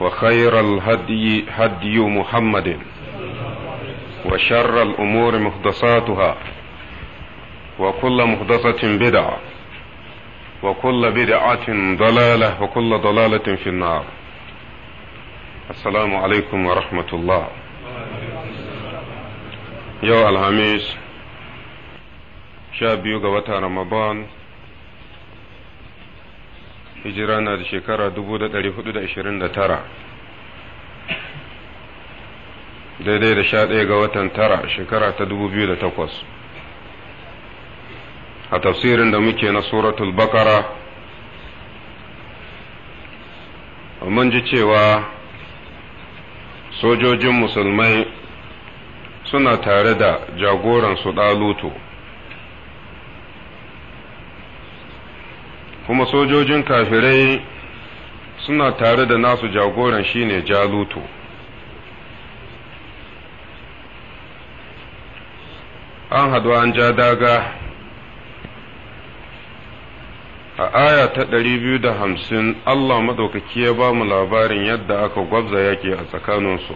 وخير الهدي هدي محمد وشر الأمور محدثاتها وكل محدثة بدعة وكل بدعة ضلالة وكل ضلالة في النار السلام عليكم ورحمة الله يوم الخميس شاب يوغا رمضان hijira na da shekara 1429 daidai da sha ɗaya ga watan tara shekara ta 2008 a tafsirin da muke na suratul bakara mun ji cewa sojojin musulmai suna tare da jagoransu ɗaluto kuma sojojin kafirai suna tare da nasu jagoran shine jalutu an hadu an ja daga a aya ta ɗari biyu da hamsin Allah maɗaukaki ya ba mu labarin yadda aka gwabza yake a tsakaninsu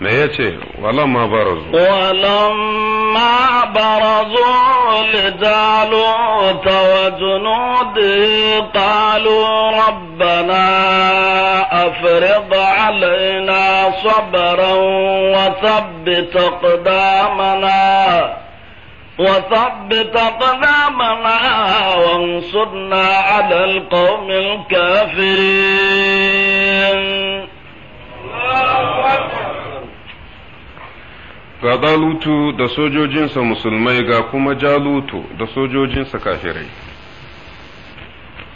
me ya ce walamma barazu walamma barazu لجالوت وجنوده قالوا ربنا أفرض علينا صبرا وثبت أقدامنا وثبت أقدامنا وانصرنا على القوم الكافرين ga zalutu da sojojinsa musulmai ga kuma jalutu da sojojinsa kafirai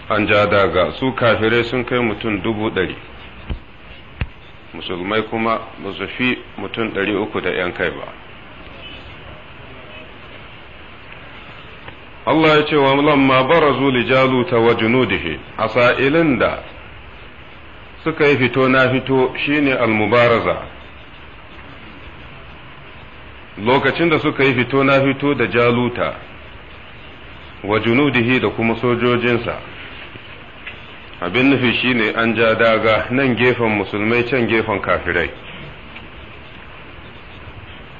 an ja daga su kafirai sun kai mutum dubu ɗari musulmai kuma ba su fi mutum ɗari uku da ‘yan kai ba Allah ya ce wa lamma barazu li jaluta wa junudihi a sa'ilin da suka yi fito na fito shine al-mubaraza lokacin da suka yi fito na fito da jaluta wa junudihi da kuma sojojinsa abin nufi shine an ja daga nan gefen musulmai can gefen kafirai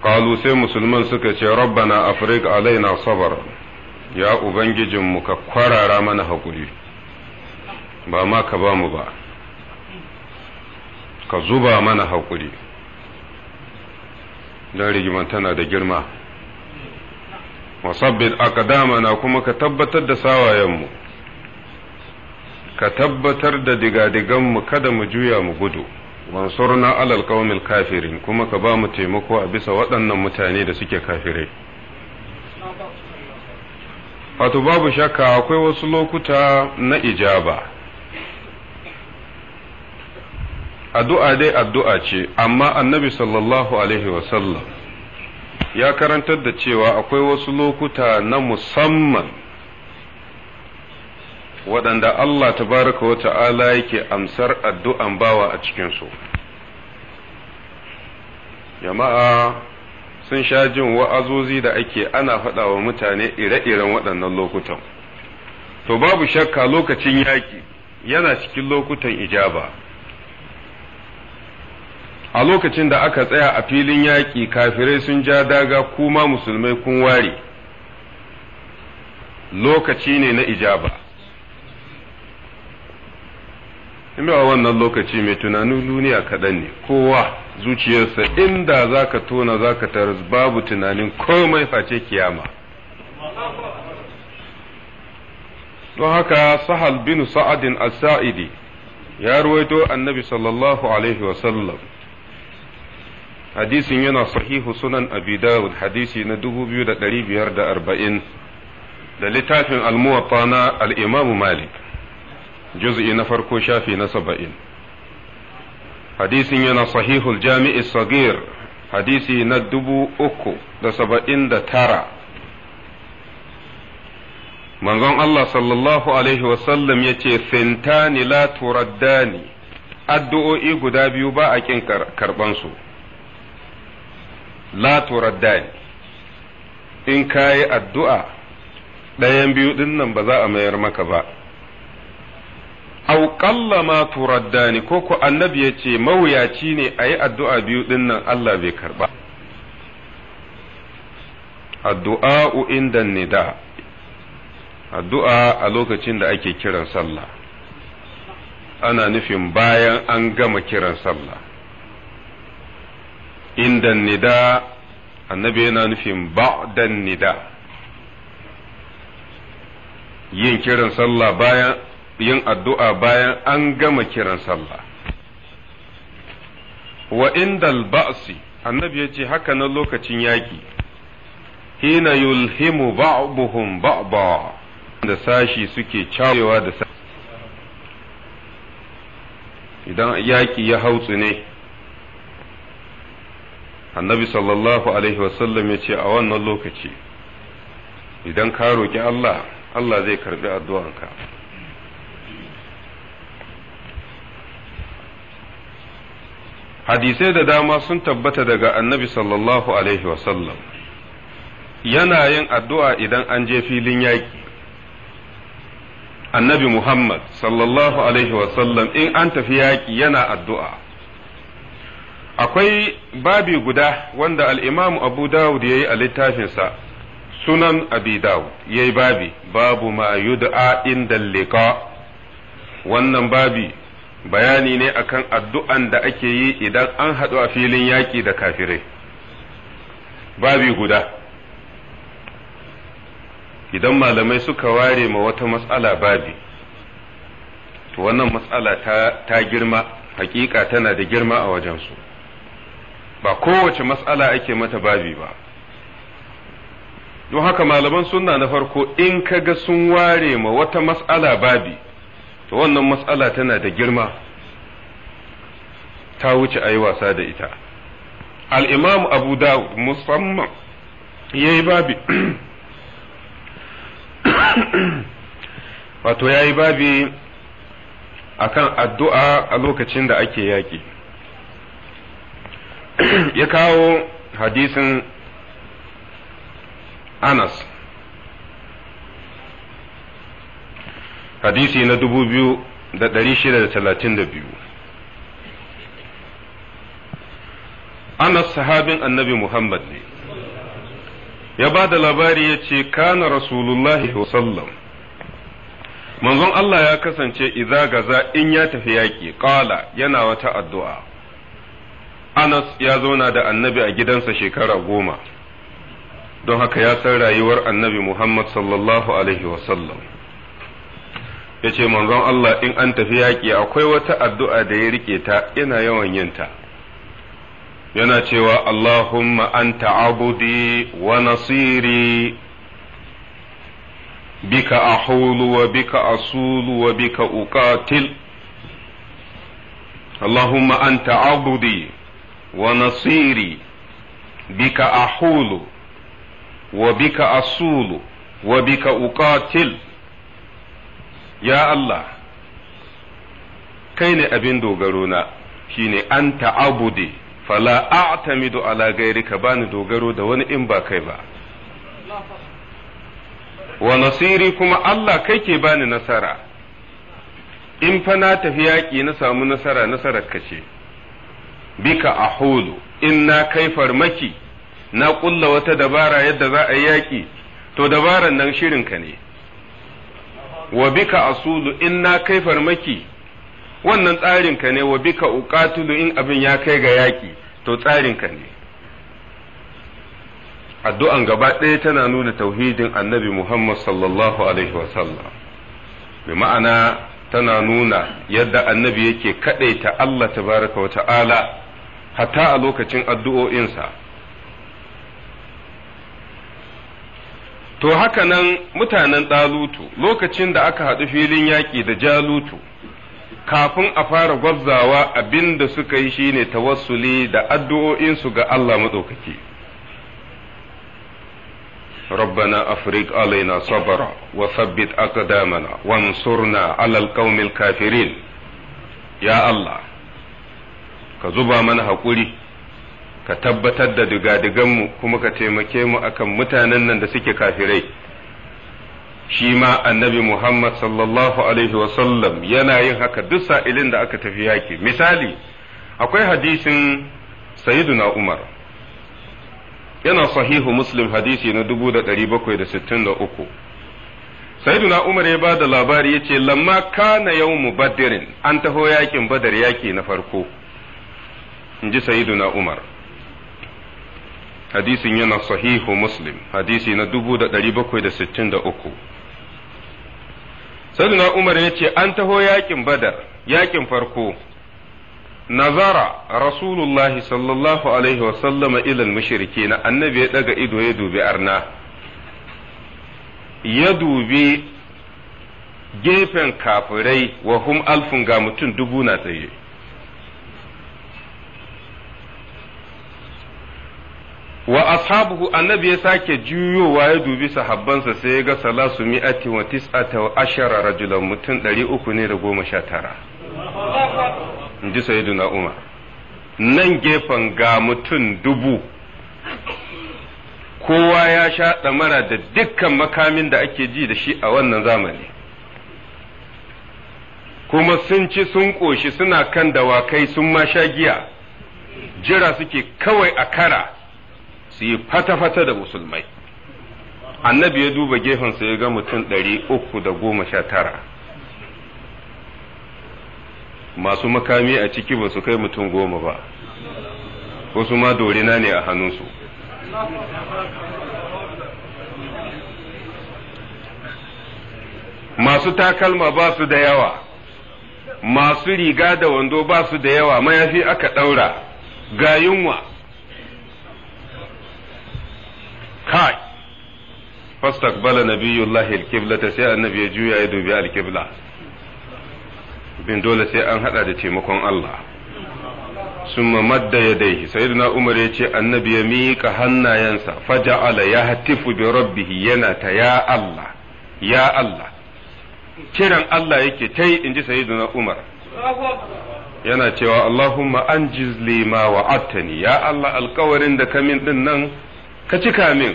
kalu sai musulman suka ce rabbana alai alaina sabar ya ubangijinmu ka kwarara mana haƙuri ba ma ka ba mu ba ka zuba mana haƙuri don rigiman tana da girma musabbit na kuma ka tabbatar da sawayenmu ka tabbatar da digadiganmu kada mu juya mu gudu wansurna alal qaumil kafirin kuma ka ba mu taimako a bisa waɗannan mutane da suke kafirai wato babu shakka akwai wasu lokuta na ijaba addu'a dai addu'a ce amma annabi sallallahu alaihi wasallam ya karantar da cewa akwai wasu lokuta na musamman waɗanda Allah tabaraka wa ta'ala yake amsar addu'an bawa a cikinsu jama'a sun sha jin wa'azozi da ake ana faɗa wa mutane ire-iren waɗannan lokutan to babu shakka lokacin yaƙi yana cikin lokutan ijaba a lokacin da aka tsaya a filin yaƙi kafirai sun ja daga kuma musulmai kun ware lokaci ne na ijaba in ba wannan lokaci mai tunanin duniya kaɗan ne kowa zuciyarsa inda za ka tona za ka taras babu tunanin komai face kiyama don haka sahal bin sa'adin as-sa'idi ya ruwaito annabi sallallahu alaihi wasallam hadisin yana sahihu sunan abi hadisi na 2540 da da littafin almuwatta na al-imam malik juz'i na farko shafi na 70 hadisin yana sahihul jami'i sagir hadisi na dubu uku da saba'in da tara manzon Allah sallallahu alaihi wasallam ya ce sintani la turaddani addu'o'i guda biyu ba a ƙin karɓansu la turaddan in ka yi addu'a ɗayan biyu ɗin ba za a mayar maka ba auƙalla ƙalla ma turaddani ko ko annabi ya ce mawuyaci ne a yi addu'a biyu ɗin Allah bai karɓa addu'a inda nida addu'a a lokacin da ake kiran sallah ana nufin bayan an gama kiran sallah inda nida annabi yana nufin ba'dan nida yin kiran sallah bayan yin addu'a bayan an gama kiran sallah wa indal ba'si annabi ya ce haka na lokacin yaƙi hina yulhimu ba'buhum ba'ba da sashi suke cewa da sashi idan yaƙi ya hautsu ne annabi sallallahu alaihi wasallam ya ce a wannan lokaci idan ka roƙi Allah Allah zai karbi addu'anka hadisai da dama sun tabbata daga annabi sallallahu alaihi wasallam yana yin addu'a idan an je filin yaƙi annabi Muhammad sallallahu alaihi wasallam in an tafi yaƙi yana addu'a akwai babi guda wanda al'imamu abu dawud ya yi a littafinsa sunan abi dawud ya yi babi babu ma yud'a inda liqa wannan babi bayani ne akan addu'an da ake yi idan an haɗu a filin yaƙi da kafirai babi guda idan malamai suka ware ma wata matsala babi to wannan matsala ta girma hakika tana da girma a wajensu. su ba kowace matsala ake mata babi ba don haka malaman sunna na farko in kaga sun ware ma wata mas'ala babi to wannan mas'ala tana da girma ta wuce a yi wasa da ita al'imam abu da musamman ya yi babi wato ya yi babi akan addu'a a lokacin da ake yaƙi ya kawo hadisin anas hadisi na dubu biyu da ɗari shida da talatin da biyu anas sahabin annabi muhammad ne ya ba da labari ya ce kana rasulullahi sallam manzon Allah ya kasance idza gaza in ya tafi yaƙi ƙala yana wata addu'a Anas ya zauna da annabi a gidansa shekara goma, don haka ya san rayuwar annabi Muhammad sallallahu Alaihi wasallam. Ya ce, manzon Allah in an tafi yaƙi akwai wata addu'a da ya riƙe ta ina yawan yinta. Yana cewa, Allahumma anta abudi wa nasiri bika a wa bika a wa bika uqatil. Allahumma anta abudi ونصيري بك أحول وبك أصول وبك أقاتل يا الله كين أبين دوغرونا shine أنت عبدي فلا أعتمد على غيرك بان dogaro da wani in ba kai ba wa nasiri kuma Allah kai ke bani nasara in fa na tafi yaƙi na samu nasara nasarar ka ce bika a hudu in na kai farmaki na kulla wata dabara yadda za a yi yaƙi to dabaran nan shirinka ne wa bika asulu in na kai farmaki wannan tsarinka ne wa bika uqatulu in abin ya kai ga yaƙi to tsarinka ne addu'an gaba ɗaya tana nuna tauhidin annabi Muhammad sallallahu alaihi wasallam bi ma'ana tana nuna yadda annabi yake kaɗaita Allah tabaraka wa ta'ala hatta a lokacin addu'o'insa to haka nan mutanen ɗalutu lokacin da aka haɗu filin yaƙi da jalutu kafin a fara gwabzawa abin da suka yi shi ne tawassuli da addu'o'insu ga Allah maɗaukaki. ربنا أفرج علينا صبرا وثبت اقدامنا وانصرنا على القوم الكافرين يا الله ka zuba mana haƙuri ka tabbatar da digadiganmu kuma ka taimake mu akan mutanen nan da suke kafirai shi ma annabi Muhammad sallallahu alaihi wasallam yana yin haka duk sa'ilin da aka tafi yaki misali akwai hadisin sayyiduna Umar yana sahihu muslim hadisi na 1763 sayyiduna Umar ya ba da labari ya ce lamma kana yau badirin an taho yaƙin badar yaki na farko in ji sayyiduna umar hadisin yana sahihu muslim hadisi na saidu sayyiduna umar ya ce an taho yakin badar yakin farko nazara rasulullahi sallallahu alaihi wasallama ilal mushriki na annabi ya daga ido ya dubi arna ya dubi gefen kafirai wa hum alfun ga mutum dubu na tsaye wa ashabuhu annabi ya sake juyowa ya dubi sahabbansa sai ya ga salasu mi'ati wa tis'ata wa ashara rajulan mutum ɗari uku ne da goma sha tara in ji sayyiduna umar nan gefen ga mutum dubu kowa ya sha ɗamara da dukkan makamin da ake ji da shi a wannan zamani kuma sun ci sun ƙoshi suna kan dawakai sun ma sha giya jira suke kawai a kara su yi fata-fata da musulmai annabi ya duba gefensa ya ga mutum ɗari uku da goma sha tara masu makami a ciki ba su kai mutum goma ba wasu ma dorina ne a hannunsu masu takalma ba su da yawa masu riga da wando ba su da yawa mayafi aka ɗaura ga yunwa kai fastaqbala nabiyullahi alqiblata sai annabi ya juya ya dubi alqibla bin dole sai an hada da taimakon Allah summa madda yadayhi sayyidina umar ya ce annabi ya miƙa hannayensa faja'ala ya hatifu bi rabbih yana ta ya Allah ya Allah kiran Allah yake ta yi inji sayyidina umar yana cewa Allahumma anjiz li ma wa'attani ya Allah alkawarin da kamin din nan ka cika min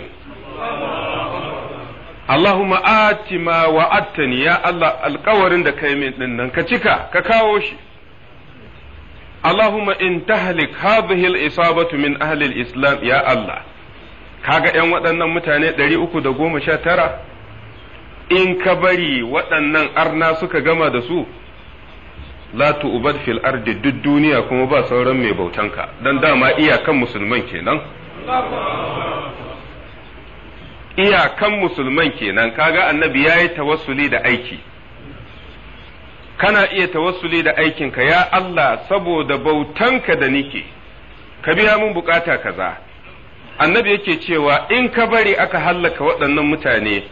Allahumma ati ma wa'attani ya Allah alkawarin da kai min din nan ka cika ka kawo shi Allahumma in tahlik hadhihi al-isabatu min ahli al-islam ya Allah kaga ƴan waɗannan mutane 319 in ka bari waɗannan arna suka gama da su la tu'bad fil ardi duk duniya kuma ba sauran mai bautanka dan dama iyakan musulman kenan iyakan musulman kenan kaga annabi yayi yi tawassuli da aiki kana iya tawassuli da aikinka ya Allah saboda bautanka da nike ka biya mun bukata kaza annabi yake cewa in ka bari aka hallaka waɗannan mutane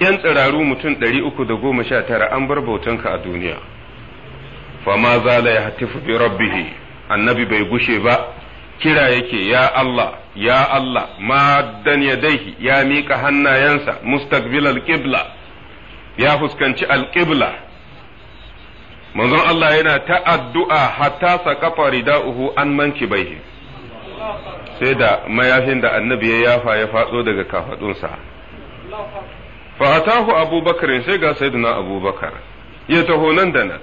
‘yan tsiraru mutum ɗari uku da goma sha tara an bar bautanka a duniya fama zala ya hatifu bi rabbihi annabi bai gushe ba kira yake ya Allah ya Allah maddan yadaihi ya miƙa hannayensa mustaqbil alqibla ya fuskanci al alqibla manzon Allah yana ta addu'a hatta saqafa rida'uhu an mankibaihi sai da mayafin da annabi ya yafa ya fatso daga kafadunsa fa atahu abubakar sai ga sayyidina abubakar ya taho nan da nan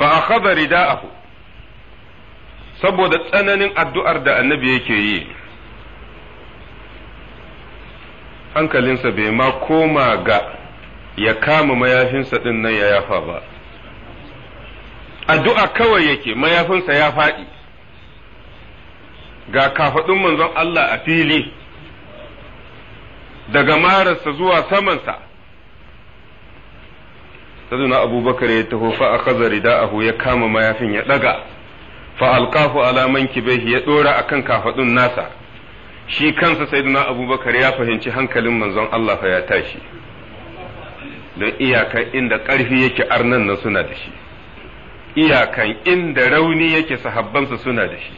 fa akhadha rida'ahu saboda tsananin addu'ar da annabi yake yi hankalinsa bai ma koma ga ya kama mayafinsa ɗin nan ya yafa ba addu'a kawai yake mayafinsa ya faɗi ga kafaɗin manzon Allah a fili daga mararsa zuwa samansa saduna abubakar ya taho fa’a a da ahu ya kama mayafin ya ɗaga fa alaman ala ya ya a kan kafadun nasa shi kansa sayyidina abubakar ya fahimci hankalin manzon Allah ya tashi don iyakan inda ƙarfi yake arnan nan suna da shi iyakan inda rauni yake sahabbansa suna da shi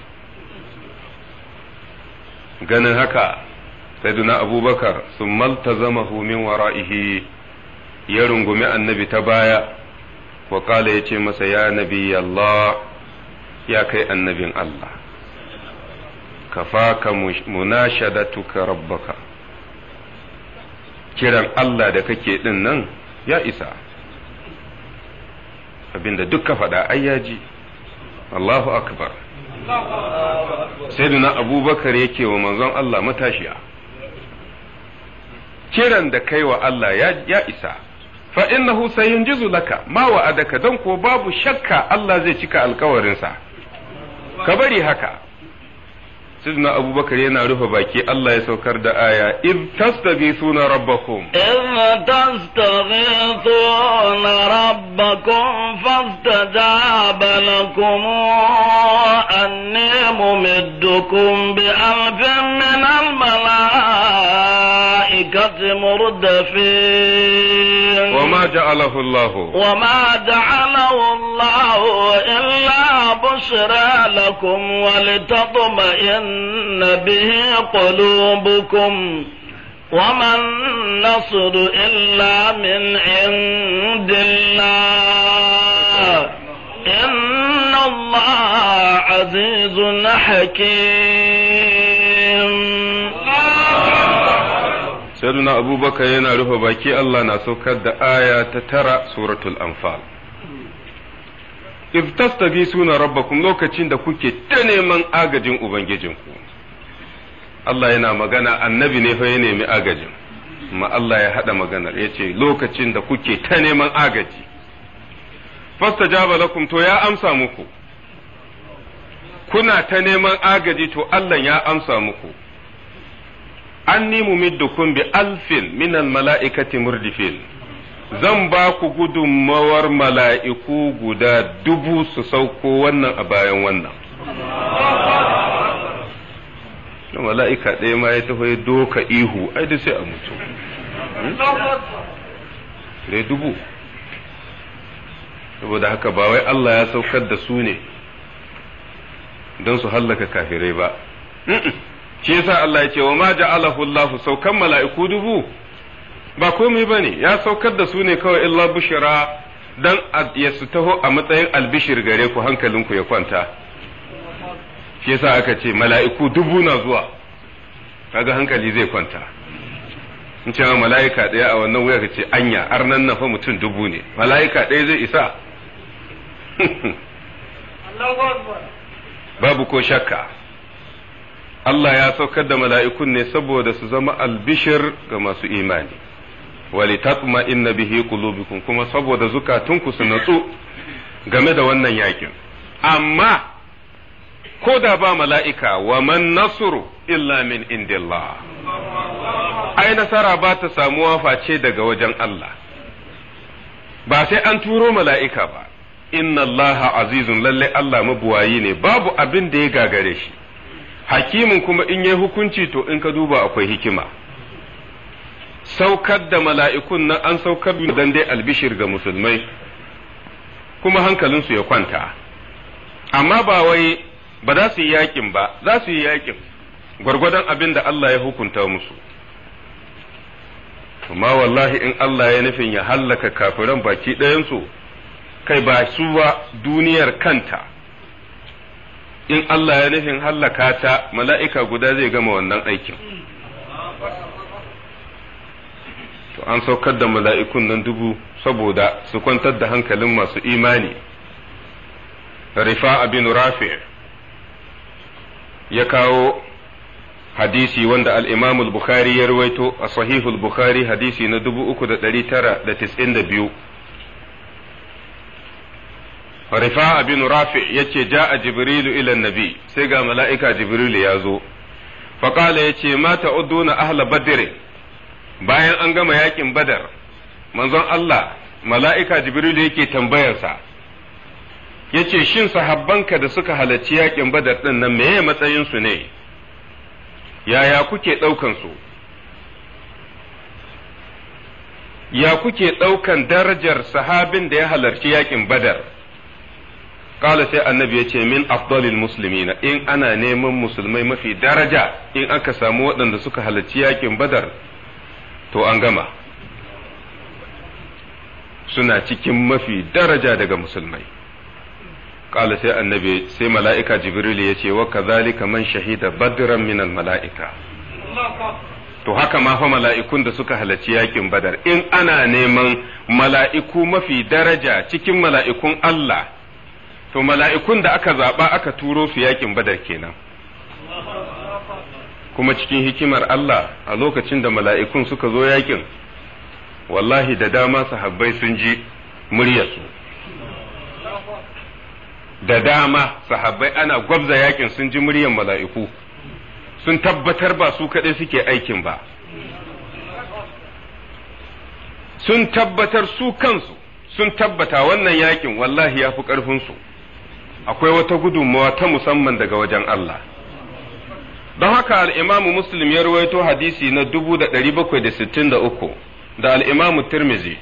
ganin haka sayyidina abubakar sun maltazama min wara'ihi ya rungumi annabi ta baya wa ya ce masa ya nabi Allah ya kai annabin Allah kafaka munashadatuka rabbaka kiran Allah da kake din nan ya isa abinda duk ka faɗa ai Allahu akbar sayyidina abubakar yake wa manzon Allah matashiya kiran da kai wa Allah ya isa fa innahu sayunjizu laka ma wa'adaka dan ko babu shakka Allah zai cika alkawarinsa ka bari haka sidna abubakar yana rufe baki Allah ya saukar da aya iz suna rabbakum iz tastaghithuna rabbakum fastajaba lakum anni mumiddukum bi alfin min al malaikati murdafin wa ma ja'alahu Allah wa ma ja'alahu Allah illa بشرى لكم ولتطمئن به قلوبكم وما النصر إلا من عند الله إن الله عزيز حكيم سيدنا أبو بكر ينا رفع باكي الله نسوكد آية ترى سورة الأنفال iftastabi suna rabbakum lokacin da kuke ta neman agajin ubangijinku Allah yana magana annabi ne fa ya nemi agajin ma Allah ya haɗa maganar ya ce lokacin da kuke ta neman agaji Fasta jaba lakum to ya amsa muku kuna ta neman agaji to Allah ya amsa muku an ni mumiddukum bi alfin minal mala'ikati murdifin zan ba ku gudunmawar mala'iku guda dubu su sauko wannan a bayan wannan. Da mala'ika ɗaya ma ya tafai doka ihu, ai da sai a mutu. Rai hmm? dubu. Saboda haka ba wai Allah ya saukar da su ne don su hallaka kafirai ba. Shi yasa Allah ya ce wa ma ja'alahu Allah saukan mala'iku dubu. ba komai ba ne ya saukar da su ne kawai illa bushira don ya su taho a matsayin albishir gare ku hankalinku ya kwanta shi yasa aka ce mala'iku dubu na zuwa kaga hankali zai kwanta in ce mala'ika ɗaya a wannan wuya ka ce anya nan na fa mutum dubu ne mala'ika ɗaya zai isa babu ko shakka Allah ya saukar da mala'ikun ne saboda su zama albishir ga masu imani Wali walitatma inna bihi qulubukum kuma saboda zukatunku su natsu game da wannan yakin amma ko da ba mala'ika wa man nasru illa min indillah ai nasara ba ta samuwa face daga wajen Allah ba sai an turo mala'ika ba inna allaha azizun lalle Allah mabuwayi ne babu abin da ya gagare shi hakimin kuma in yi hukunci to in ka duba akwai hikima saukar da mala'ikun na an saukar dan dai albishir ga musulmai kuma hankalinsu ya kwanta amma ba wai ba za su yi yakin ba za su yi yakin gwargwadon abin da Allah ya hukunta musu amma wallahi in Allah ya nufin ya hallaka kafiran baki ɗayansu kai ba su ba duniyar kanta in Allah ya nufin hallaka ta mala'ika guda zai gama wannan aikin an saukar da mala'ikun nan dubu saboda su kwantar da hankalin masu imani rifa bin rafi ya kawo hadisi wanda al'imamul bukhari ya ruwaito a sahihul bukhari hadisi na dubu uku da ɗari tara da tis'in da biyu rifa bin rafi ya ce ja a jibrilu ilan nabi sai ga mala'ika jibrilu ya zo faƙala ya ce mata uduna ahla badire bayan an gama yakin badar manzon Allah mala'ika jibril yake tambayarsa ya ce shin sahabbanka da suka halarci yakin badar ɗin nan meye matsayinsu ne yaya kuke ɗaukan ya kuke ɗaukan darajar sahabin da ya halarci yakin badar ƙala sai annabi ya ce min afdalil na, in ana neman musulmai mafi daraja in aka samu waɗanda suka halarci yakin badar to an gama suna cikin mafi daraja daga musulmai sai سي النبي سي ملائكة جبريل يشي man shahida شهد بدرا من mala'ika. to haka ma fa mala'ikun da suka halarci yakin badar in ana neman mala'iku mafi daraja cikin mala'ikun Allah to mala'ikun da aka zaɓa aka turo su yakin badar kenan kuma cikin hikimar Allah a lokacin da mala'ikun suka zo yakin wallahi da dama sahabbai sun ji muryarsu da dama sahabbai ana gwabza yakin sun ji muryar mala'iku sun tabbatar ba su kaɗai suke aikin ba sun tabbatar su kansu sun tabbata wannan yakin wallahi ya fi ƙarfinsu akwai wata gudunmawa ta musamman daga wajen Allah don haka al'imamu muslim ya ruwaito hadisi na 763 da al'imamu tirmizi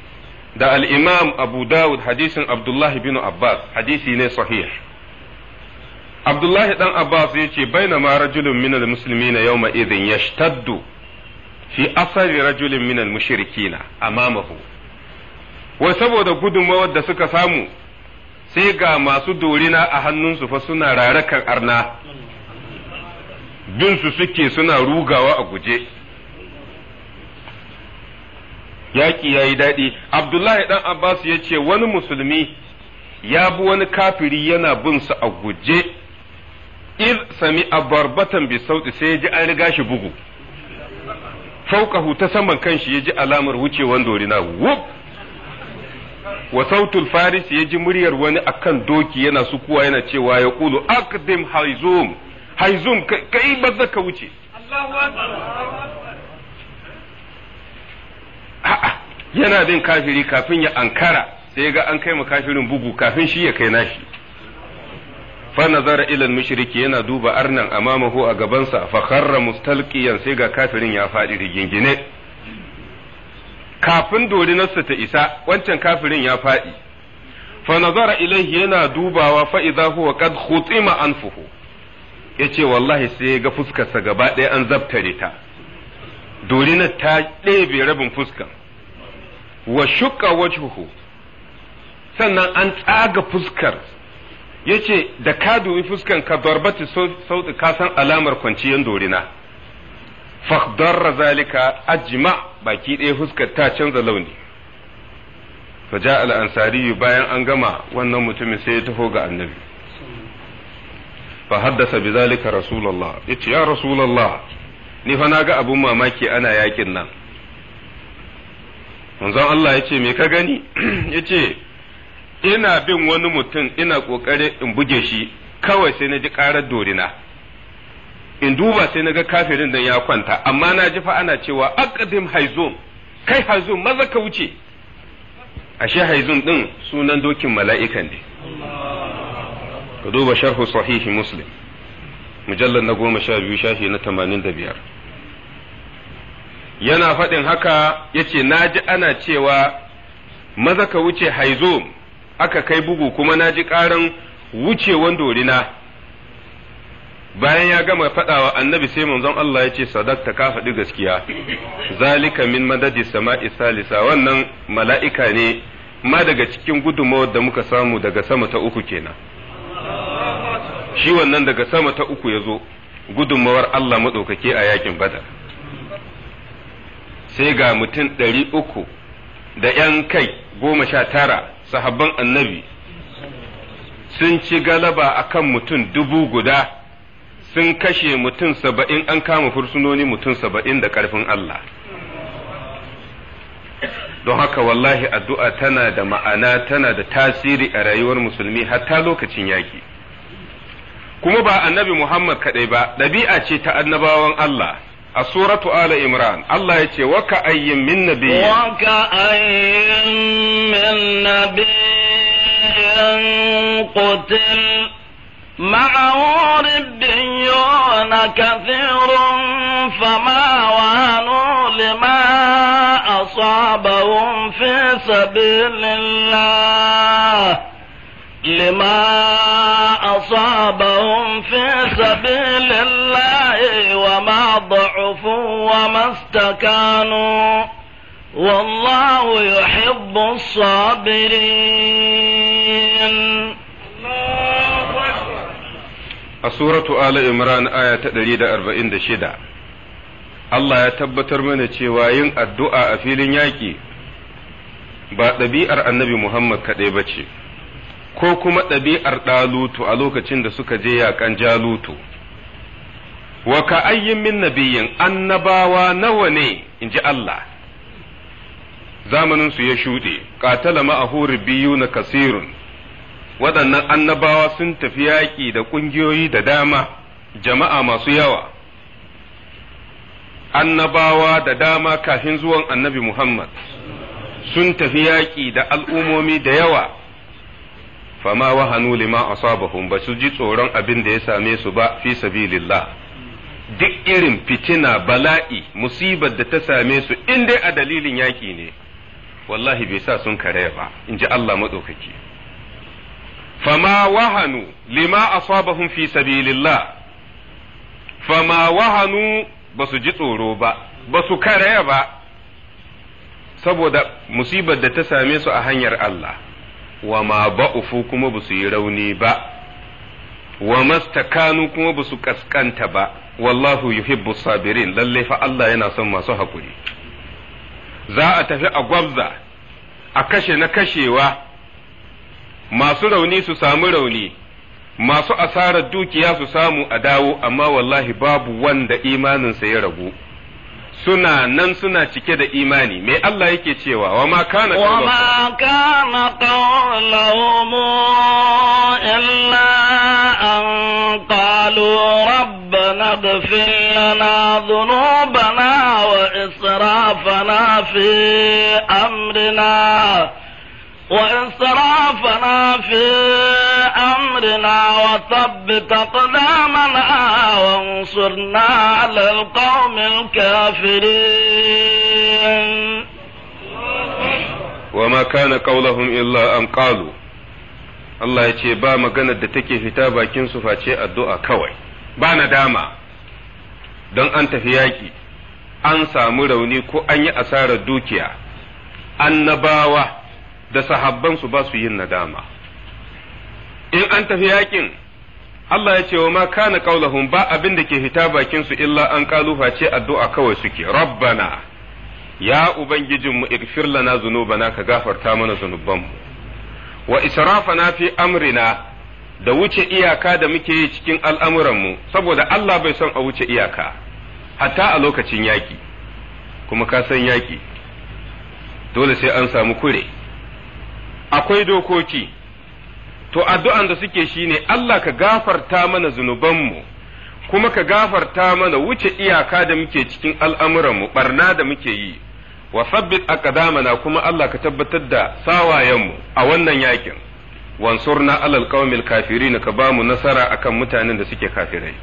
da al'imam abu dawud hadisin abdullahi bin abbas hadisi ne sahih abdullahi dan abbas ya ce baina ma rajulun minal musulmi na yau ma'izin ya shtaddu fi asari rajulun minal mushrikina amamahu wai saboda gudunmawar da suka samu sai ga masu dorina a hannunsu fa suna rarakan arna bin su suke suna rugawa a guje yaƙi ya yi daɗi abdullahi ɗan abbas ya ce wani musulmi ya bi wani kafiri yana bin su a guje iz sami abarbatan bi sauti sai ya ji an riga shi bugu fauƙahu ta saman kanshi ya ji alamar wucewan dorina wuf wa sautul faris ya ji muryar wani akan doki yana sukuwa yana cewa ya ƙulu akdim haizum haizum kai ba ka wuce yana bin kafiri kafin ya ankara sai ga an kai mu kafirin bugu kafin shi ya kai nashi fa nazara ilal mushriki yana duba arnan amamahu a gabansa fa kharra mustalqiyan sai ga kafirin ya faɗi rigingine kafin dorinarsa ta isa wancan kafirin ya faɗi fa nazara ilaihi yana dubawa fa idza huwa qad khutima anfuhu ya ce wallahi sai ya ga fuskarsa gaba ɗaya an zabtare ta dorinar ta ɗebe rabin fuskan wa shuka wajhuhu sannan an tsaga fuskar yace da ka dubi fuskan ka darbati sauti ka san alamar kwanciyar dorina fakdarra zalika ajma baki ɗaya fuskar ta canza launi faja al'ansari bayan an gama wannan mutumin sai ya taho ga annabi fa haddasa bi zalika rasulullah yace ya rasulullah ni fa naga abun mamaki ana yakin nan manzon Allah yace me ka gani yace ina bin wani mutum ina kokare in buge shi kawai sai na ji karar dorina in duba sai na ga kafirin dan ya kwanta amma na ji fa ana cewa aqdim haizum kai haizum maza ka wuce ashe haizum din sunan dokin mala'ikan ne ka duba sharhu sahihi muslim mujallar na goma sha biyu shafi na tamanin da biyar yana faɗin haka yace na ji ana cewa maza ka wuce haizo aka kai bugu kuma na ji ƙaran wucewan dorina bayan ya gama faɗawa annabi sai manzon Allah ya ce sadakta ka faɗi gaskiya zalika min madadi sama'i salisa wannan mala'ika ne ma daga cikin gudunmawar da muka samu daga sama ta uku kenan shi wannan daga sama ta uku ya zo gudunmawar Allah maɗaukake a yakin badar sai ga mutum ɗari uku da ‘yan kai goma sha tara sahabban annabi sun ci galaba a kan mutum dubu guda sun kashe mutum saba'in an kama fursunoni mutum saba'in da ƙarfin Allah. don haka wallahi addu'a tana da ma'ana tana da tasiri a rayuwar musulmi hatta lokacin yaƙi kuma ba annabi Muhammad kaɗai ba ɗabi'a ce ta annabawan Allah a suratu ala imran Allah ya ce wa ka ayyin min nabiyyin wa ka ayyin min nabiyyin qutil معه ربيون كثير أصابهم في سبيل الله لما أصابهم في سبيل الله وما ضعفوا وما استكانوا والله يحب الصابرين الله أكبر سورة آل عمران آية 146 Allah ya tabbatar mana cewa yin addu'a a filin yaƙi ba ɗabi'ar annabi Muhammad kaɗai ba ce, ko kuma ɗabi'ar ɗalutu a lokacin da suka je yaƙan jalutu. Wa ayyin min nabiyin annabawa nawa ne, in ji Allah, zamaninsu ya shuɗe, ƙatala ma'ahu biyu na kasirun, waɗannan annabawa sun tafi yaƙi da ƙungiyoyi da dama, jama'a masu yawa. annabawa da dama kafin zuwan annabi Muhammad sun tafi yaƙi da al'ummomi da yawa, fama wahanu lima asabahum ba su ji tsoron abin da ya same su ba fi sabilillah. Duk irin fitina bala'i musibar da ta same su inda a dalilin yaƙi ne, wallahi bai sa sun kare ba, in ji Allah maɗaukaki. Fama wahanu lima asabahum fi sabilillah. fama wahanu ba su ji tsoro ba ba su karaya ba saboda musibar da ta same su a hanyar Allah wa ma ba'ufu kuma ba su yi rauni ba wa mastakanu kuma ba su kaskanta ba wallahu yuhibbu sabirin lalle fa Allah yana son masu hakuri za a tafi a gwabza a kashe na kashewa masu rauni su samu rauni masu asarar dukiya su samu a dawo amma wallahi babu wanda imaninsa ya ragu suna nan suna cike da imani me Allah yake cewa wa ma kana wa ma kana qawluhum illa an qalu rabbana ighfir lana dhunubana wa israfana fi amrina wa israfana fi أخرجنا وثبت أقدامنا وانصرنا على القوم الكافرين وما كان قولهم إلا أن قالوا Allah ya ce ba maganar da take fita bakin su face addu'a kawai, ba nadama don an tafi yaƙi, an samu rauni ko an yi asarar dukiya, annabawa da sahabbansu ba su yin nadama. in an tafi yakin Allah ya ce wa ma kana qaulahum ba abin da ke fita bakin su illa an kalu face addu'a kawai suke rabbana ya mu igfir lana zunubana ka gafarta mana zunuban mu wa israfana fi amrina da wuce iyaka da muke yi cikin al'amuran mu saboda Allah bai son a wuce iyaka hatta a lokacin yaki kuma ka san yaƙi dole sai an samu kure akwai dokoki to addu'an da suke shine Allah ka gafarta mana zunubanmu kuma ka gafarta mana wuce iyaka da muke cikin al'amuranmu barna da muke yi wa sabbit aqdamana kuma Allah ka tabbatar da sawayenmu a wannan yakin wansurna alal qaumil kafirin ka bamu nasara akan mutanen da suke kafirai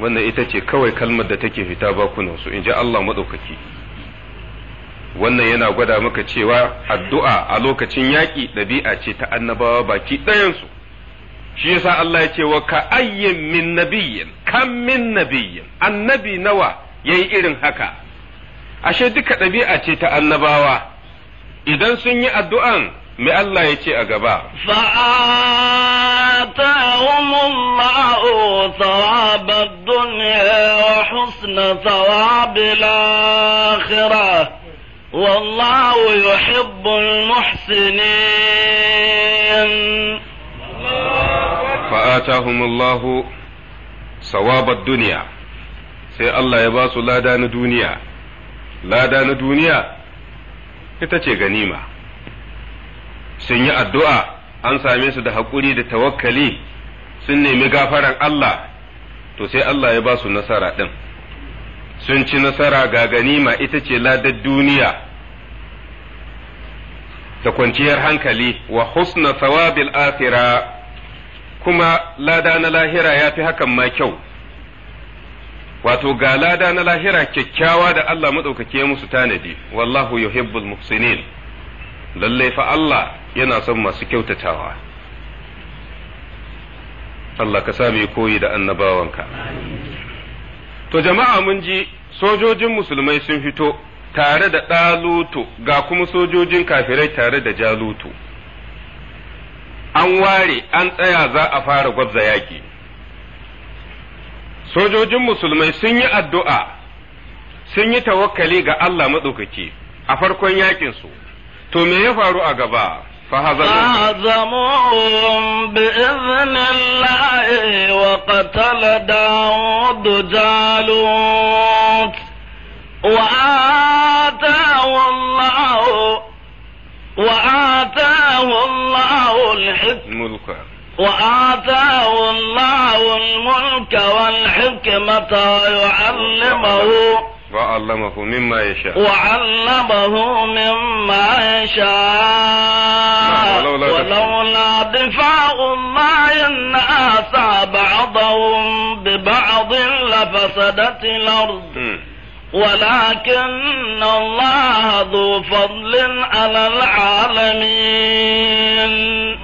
wannan ita ce kawai kalmar da take fita bakunansu su ji Allah madaukaki wannan yana gwada maka cewa addu'a a lokacin yaƙi ɗabi'a ce ta annabawa baki ɗayansu shi yasa Allah ya ce wa ka ayyin min nabiyyin kam min nabiyyin annabi nawa yayi irin haka ashe duka ɗabi'a ce ta annabawa idan sun yi addu'an me Allah ya ce a gaba فآتاهم الله ثواب والله يحب المحسنين فآتاهم الله ثواب الدنيا sai Allah ya ba su lada na duniya lada na duniya ita ce ganima sun yi addu'a an same su da haƙuri da tawakkali sun nemi gafaran Allah to sai Allah ya ba su nasara ɗin sun ci nasara ga ganima ita ce ladar duniya da kwanciyar hankali wa husna sawabil akhira kuma lada na lahira ya fi hakan ma kyau wato ga lada na lahira kyakkyawa da Allah maɗaukake musu tanadi wallahu yuhibbul muhsinin lallai fa Allah yana son masu kyautatawa Allah ka sami koyi da annabawanka. Amin. to jama'a mun ji sojojin musulmai sun fito tare da ɗalutu ga kuma sojojin kafirai tare da jalutu an ware an tsaya za a fara gwabza yaƙi sojojin musulmai sun yi addu'a sun yi tawakkali ga Allah maɗaukaki a farkon yaƙinsu to me ya faru a gaba فهذا بإذن الله وقتل داود جالوت وآتاه الله وآتاه الله الحكم وآتاه الله الملك والحكمة ويعلمه وعلمه مما يشاء وعلمه مما يشاء نعم، ولولا, ولولا دفاع الله الناس بعضهم ببعض لفسدت الارض ولكن الله ذو فضل على العالمين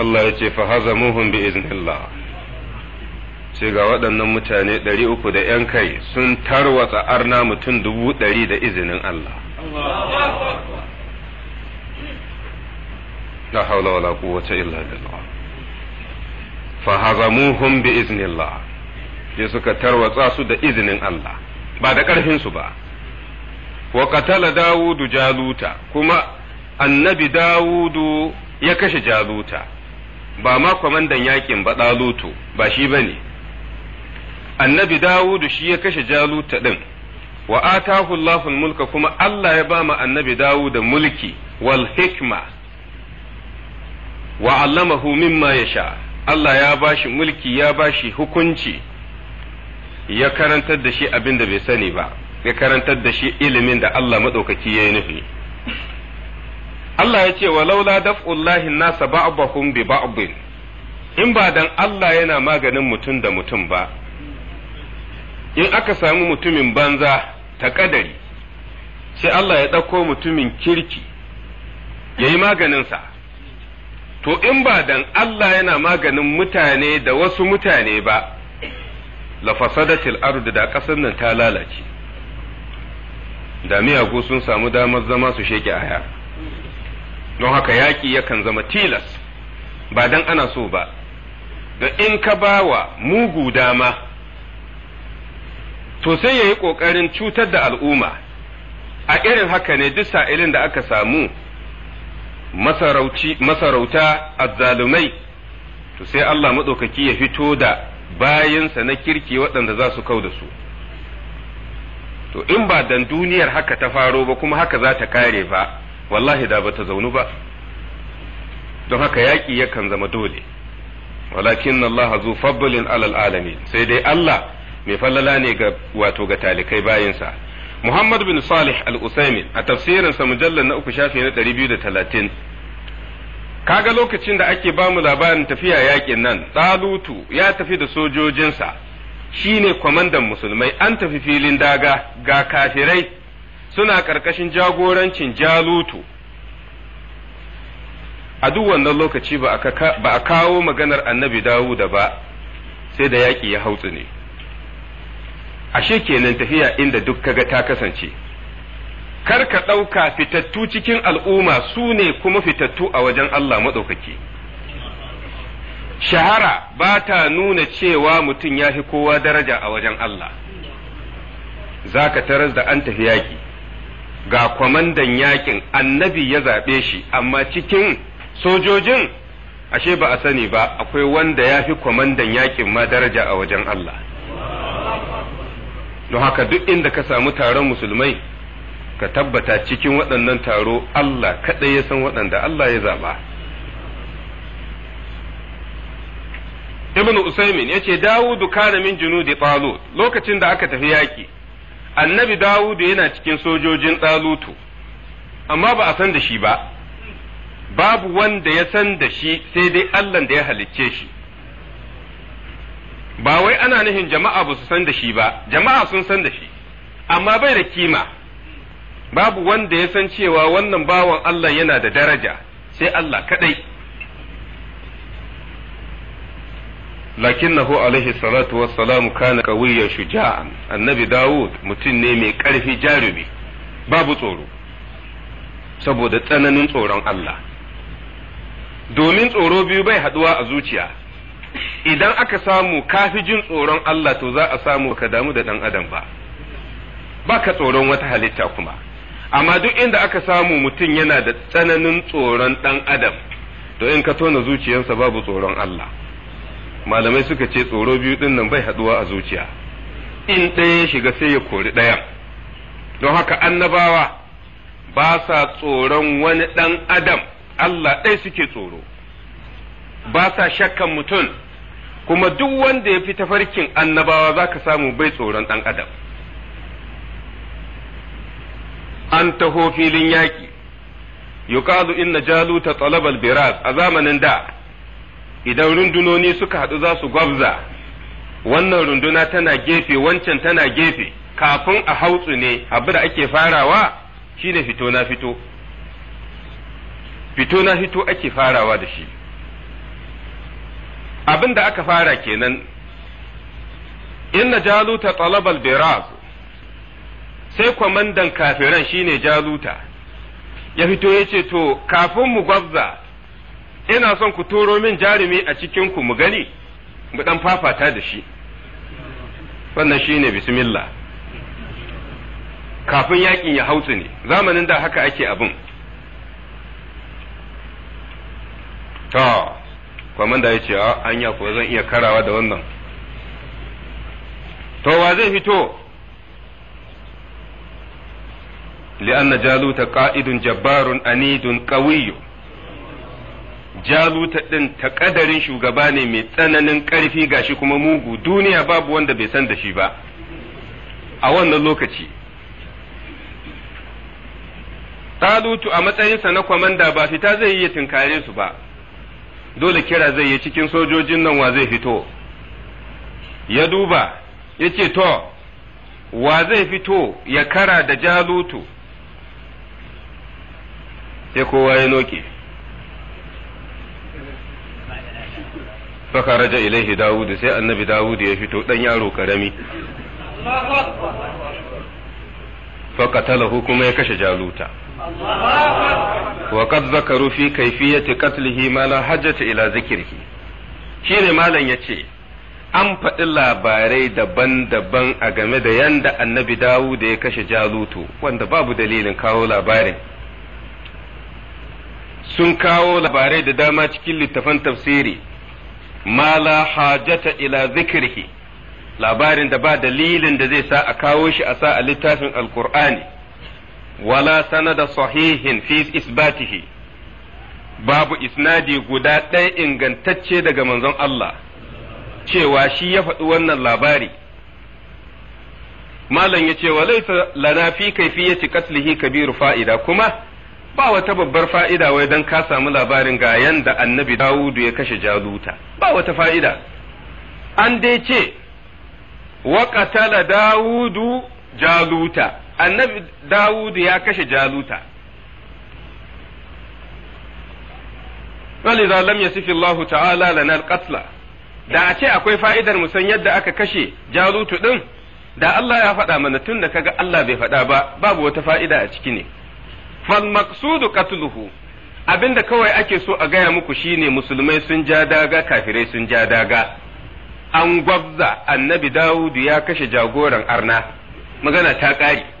الله يجي فهزموهم باذن الله ce ga waɗannan mutane ɗari uku da ‘yan kai sun tarwatsa arna mutum dubu ɗari da izinin Allah. La haula wala quwwata illa billah. Fa hazamuhum bi iznillah. Sai suka tarwatsa su da izinin Allah, ba da ƙarfin su ba. Wa qatala Dawudu Jaluta, kuma annabi Dawudu ya kashe Jaluta. Ba ma kwamandan yakin ba ɗalutu, ba shi ba ne. annabi dawudu shi ya kashe jaluta ɗin wa atahu mulka kuma Allah ya ba ma annabi dawuda mulki wal hikma wa allamahu mimma yasha Allah ya bashi mulki ya bashi hukunci ya karantar da shi abin da bai sani ba ya karantar da shi ilimin da Allah maɗaukaki ya yi nufi Allah ya ce walaula daf'ullahi nasa ba'dahum bi ba'd in ba dan Allah yana maganin mutum da mutum ba in aka samu mutumin banza ta kadari sai Allah ya ɗauko mutumin kirki ya yi maganinsa to in ba dan Allah yana maganin mutane da wasu mutane ba la fasadatil ardu da ƙasar nan ta lalace da miyagu sun samu damar zama su sheke aya don haka yaƙi yakan zama tilas ba dan ana so ba da in ka bawa mugu dama to sai ya yi ƙoƙarin cutar da al'umma a irin haka ne duk sa'ilin da aka samu masarauta azzalumai to sai Allah maɗaukaki ya fito da bayansa na kirki waɗanda za su kau da su to in ba dan duniyar haka ta faro ba kuma haka za ta kare ba wallahi da ba ta zaunu ba don haka yaƙi yakan zama dole walakin Allah zu fadlin alal alamin sai dai Allah mai fallala ne ga wato ga talikai bayinsa Muhammad bin Salih al-Usaimin a tafsirinsa mujallar na uku shafi na 230 kaga lokacin da ake ba mu labarin tafiya yakin nan Talutu ya tafi da sojojinsa shine kwamandan musulmai an tafi filin daga ga kafirai suna karkashin jagorancin Jalutu a duk wannan lokaci ba a kawo maganar annabi Dawuda ba sai da yaƙi ya hautsu ne ashe kenan tafiya inda duk kaga ta kasance kar ka ɗauka fitattu cikin al'umma su ne kuma fitattu a wajen Allah maɗaukaki shahara ba ta nuna cewa mutum ya fi kowa daraja a wajen Allah za ka taras da an tafi yaƙi ga kwamandan yaƙin annabi ya zaɓe shi amma cikin sojojin ashe ba a sani ba akwai wanda ya fi kwamandan yaƙin ma daraja a wajen Allah don haka duk inda ka samu taron musulmai ka tabbata cikin waɗannan taro Allah kaɗai ya san waɗanda Allah ya zaɓa. Ibn Usaimin ya ce Dawudu kana min junudi Talut lokacin da aka tafi yaƙi, annabi Dawudu yana cikin sojojin Talutu, amma ba a san da shi ba, babu wanda ya san da shi sai dai Allah da ya halicce shi. ba wai ana nufin jama'a ba su san da shi ba jama'a sun san da shi amma bai da kima babu wanda ya san cewa wannan bawan Allah yana da daraja sai Allah kadai lakinnahu alaihi salatu wassalam kana kawiyyan shuja'an annabi Dawud mutum ne mai karfi jarumi babu tsoro saboda tsananin tsoron Allah domin tsoro biyu bai haduwa a zuciya idan aka samu kafi jin tsoron Allah to za a samu ka damu da dan adam ba ba ka tsoron wata halitta kuma amma duk inda aka samu mutum yana da tsananin tsoron dan adam to in ka tona zuciyarsa babu tsoron Allah malamai suka ce tsoro biyu din nan bai haduwa a zuciya in ɗaya ya shiga sai ya kori ɗaya don haka annabawa ba sa tsoron wani ɗan adam Allah ɗaya suke tsoro ba sa shakkan mutum kuma duk wanda ya fi tafarkin annabawa za ka samu bai tsoron ɗan adam an taho filin yaƙi yuqalu inna jaluta talabal biras a zamanin da idan rundunoni suka haɗu za su gwabza wannan runduna tana gefe wancan tana gefe kafin a hautsu ne abu da ake farawa shine fito na fito fito na fito ake farawa da shi abin da aka fara kenan inna jaluta talabal biraz sai kwamandan kafiran shine jaluta ya fito ya ce to kafin mu gwabza ina son ku turo min jarumi a cikin ku mu gani mu dan fafata da shi wannan shine bismillah kafin yakin ya hautsu ne zamanin da haka ake abin to kwamanda ya ce a anya ko zan iya karawa da wannan to wa zai fito li'anna jaluta qa'idun jabbarun anidun ƙawiyu jaluta din ƙadarin shugaba ne mai tsananin ƙarfi gashi kuma mugu duniya babu wanda bai san da shi ba a wannan lokaci talutu a matsayinsa na kwamanda ba fita zai yi tinkare su ba dole kira zai yi cikin sojojin nan wa zai fito ya duba ya ce to wa zai fito ya kara da jalutu sai kowa ya noke faka raja ilaihi dawudu sai annabi dawudu ya fito dan yaro karami faka talahu kuma ya kashe jaluta wa qad zakaru fi kayfiyati qatlihi ma la hajjata ila zikrihi shine malam yace an faɗi labarai daban-daban a game da yanda annabi dawu da ya kashe jalutu wanda babu dalilin kawo labarin sun kawo labarai da dama cikin littafan tafsiri mala hajjata ila zikirki labarin da ba dalilin da zai sa a kawo shi a sa a littafin alkur'ani wala sanada sahihin fi isbatihi babu isnadi guda ɗaya ingantacce daga manzon Allah cewa shi ya faɗi wannan labari malam ya ce wa laisa lana fi kaifiyati qatlihi kabiru fa'ida kuma ba wata babbar fa'ida wai dan ka samu labarin ga yanda annabi Dawudu ya kashe Jaluta ba wata fa'ida an dai ce wa qatala Dawudu Jaluta annabi Dawud ya kashe Jaluta ولذا ya sifi Allah ta'ala lana القتلى da a ce akwai fa'idar mu san yadda aka kashe jalutu ɗin da Allah ya faɗa mana tun da kaga Allah bai faɗa ba babu wata fa'ida a ciki ne fal maqsudu qatluhu abinda kawai ake so a gaya muku shine musulmai sun ja daga kafirai sun ja daga an gwabza annabi Dawudu ya kashe jagoran arna magana ta ƙare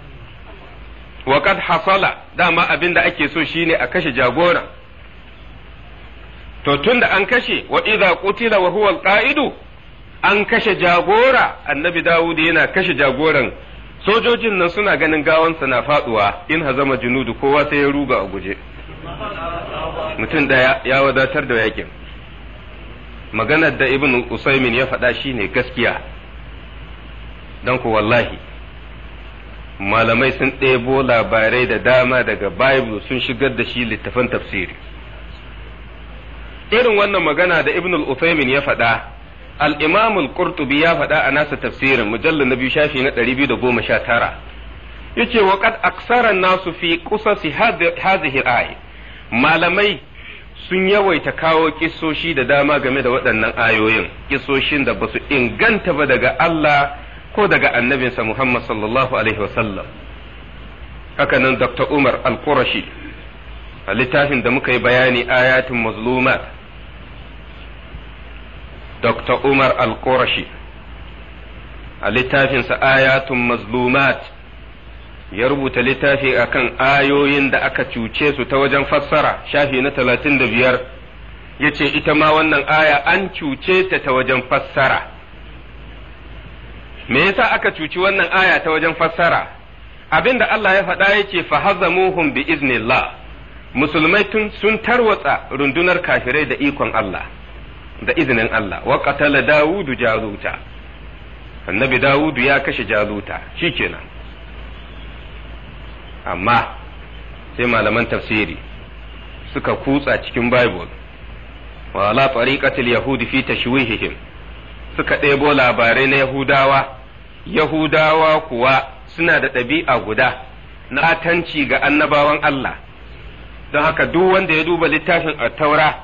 wa qad hasala dama abinda ake so shine a kashe jagora to tunda an kashe wa idza qutila wa huwa alqaidu an kashe jagora annabi dawud yana kashe jagoran sojojin nan suna ganin gawansa na faduwa in hazama junudu kowa sai ya ruga a guje mutum ɗaya ya wadatar da yakin maganar da ibn usaimin ya faɗa shine gaskiya Dan ku wallahi malamai sun ɗebo labarai da dama daga bible sun shigar da shi littafan tafsiri irin wannan magana da ibn al-uthaymin ya faɗa al-imam al-qurtubi ya faɗa a nasa tafsirin mujallar na biyu shafi na 219 yace wa qad aksara nasu fi qisasi hadhihi ayi. malamai sun yawaita kawo kisoshi da dama game da waɗannan ayoyin kisoshin da basu inganta ba daga Allah ko daga annabinsa Muhammad sallallahu alaihi wasallam haka Dr. Umar Al-Qurashi a littafin da muka yi bayani ayatun mazlumat Dr. Umar Al-Qurashi a littafinsa ayatun mazlumat ya rubuta littafi akan ayoyin da aka cuce su ta wajen fassara shafi na talatin da biyar ya ce ita ma wannan aya an cuce ta ta wajen fassara me yasa aka cuci wannan aya ta wajen fassara abinda Allah ya faɗa yake fahazamuhum bi iznillah musulmai tun sun tarwatsa rundunar kafirai da ikon Allah da iznin Allah wa qatala dawudu jaluta annabi dawudu ya kashe jaluta shikenan amma sai malaman tafsiri suka kutsa cikin bible wa ala tariqatil yahudi fi tashwihihim suka ɗebo labarai na yahudawa Yahudawa kuwa suna da ɗabi'a guda na atanci ga annabawan Allah, don haka duk wanda ya duba littafin taura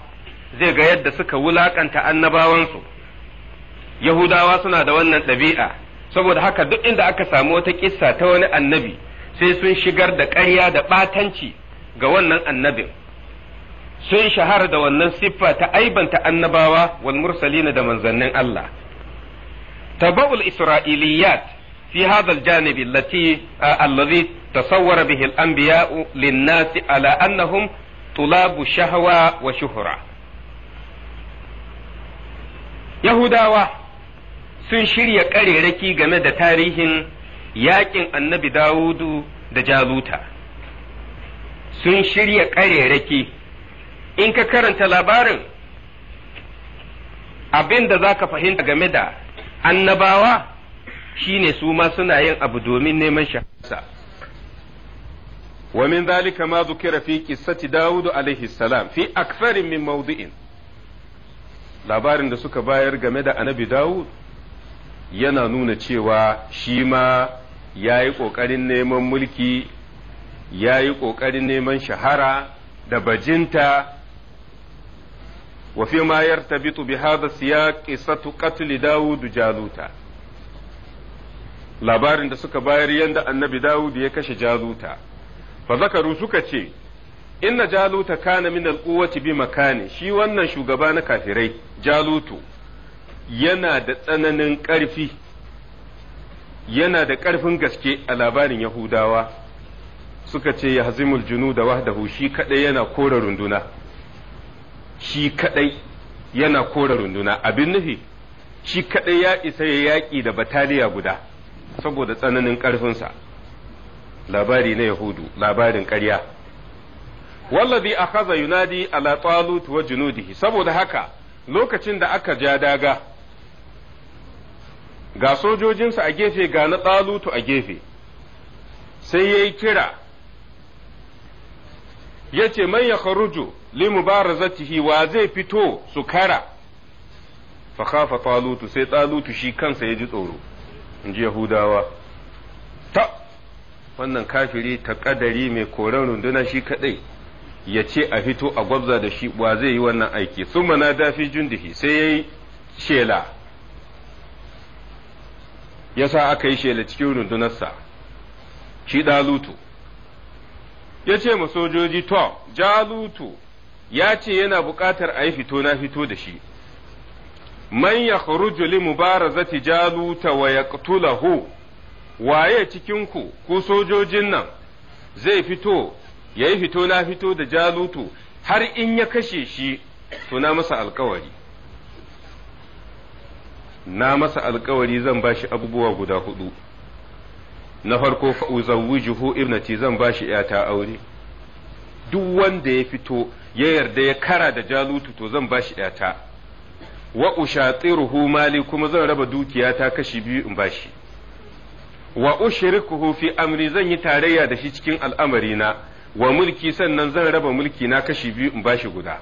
zai ga yadda suka wulaƙanta annabawansu. Yahudawa suna da wannan ɗabi'a, saboda haka duk inda aka samu wata ƙisa ta wani annabi sai sun shigar da ƙarya da ɓatanci ga wannan annabin. Sun shahara da wannan siffa ta aibanta annabawa wal mursalina da manzannin Allah. tabaul isra'iliyat fi hadha aljanibi allati allazi bihil bihi al-anbiya'u lin-nas ala annahum tulabu shahwa wa shuhra yahudawa sun shirya kareraki game da tarihin yaƙin annabi dawudu da jaluta sun shirya kareraki in ka karanta labarin abinda da za ka fahimta game da annabawa shine su ma suna yin abu domin neman shahasa wa min zalika ma zukira fi qissati Dawud alaihi salaam fi aksarin min maudu'in. labarin da suka bayar game da annabi Dawud yana nuna cewa shi ma yayi ƙoƙarin neman mulki yayi ƙoƙarin neman shahara da bajinta wa fi ma yartabitu bi hadha siyaq qissatu qatl Jaluta labarin da suka bayar yadda annabi Dawud ya kashe Jaluta fazakaru suka ce inna Jaluta kana min al-quwwati bi makani shi wannan shugaba na kafirai Jalutu yana da tsananin ƙarfi yana da ƙarfin gaske a labarin Yahudawa suka ce ya hazimul da wahdahu shi kaɗai yana kore runduna shi kadai yana kora runduna abin nufi shi kadai ya isa ya yaƙi da bataliya guda saboda tsananin ƙarfinsa labari na yahudu labarin ƙarya a akhadha yunadi ala talut wa junudihi saboda haka lokacin da aka ja daga ga sojojinsa a gefe ga na talutu a gefe sai yayi kira yace man kharuju li mubarazatihi wa zai fito su kara fa khafa talutu sai talutu shi kansa ya ji tsoro inji yahudawa ta wannan kafiri ta kadari mai koran runduna shi kadai ya ce a fito a gwabza da shi wa zai yi wannan aiki sun na dafi jundihi sai ya yi shela ya sa aka yi shela cikin rundunarsa shi tsalutu. ya ce ma sojoji to jalutu ya ce yana buƙatar a yi fito na fito da shi man ya li mubarazati jaluta wa yaqtulahu waye cikinku ku sojojin nan zai fito ya yi fito na fito da jalutu har in ya kashe shi to na masa alkawari na masa alkawari zan bashi abubuwa guda hudu na farko fa'uzawwijuhu ibnati zan bashi yata aure duk wanda ya fito ya yarda ya kara da jalutu to zan bashi yata wa ushatiruhu mali kuma zan raba dukiya ta kashi biyu in bashi wa ushirikuhu fi amri zan yi tarayya da shi cikin al'amarina wa mulki sannan zan raba mulki na kashi biyu in bashi guda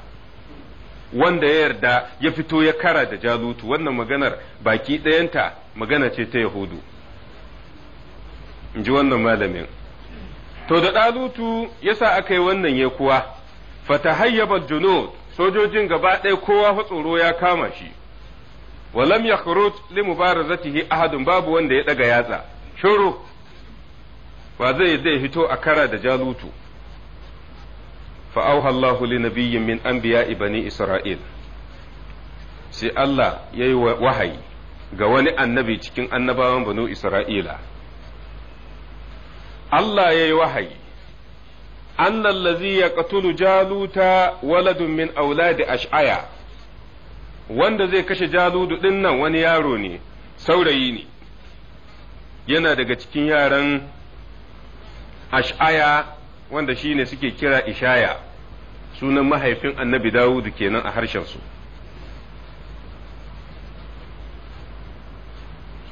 wanda ya yarda ya fito ya kara da jalutu wannan maganar baki ɗayanta magana ce ta yahudu in ji wannan malamin to da ɗalutu yasa aka yi wannan ya kuwa fatahayyabal junud sojojin gaba ɗaya kowa fa tsoro ya kama shi walam yakhruj li mubarazatihi ahadun babu wanda ya daga yatsa shuru ba zai zai fito a kara da jalutu fa auha Allah li nabiyyin min anbiya'i bani isra'il sai Allah yayi wahayi ga wani annabi cikin annabawan banu isra'ila Allah ya yi wahayi annal lazi ya katulu jaluta waladun min auladi ash'aya wanda zai kashe jaludu din nan wani yaro ne saurayi ne yana daga cikin yaran ash'aya wanda shi ne suke kira ishaya sunan mahaifin annabi dawudu kenan a harshen su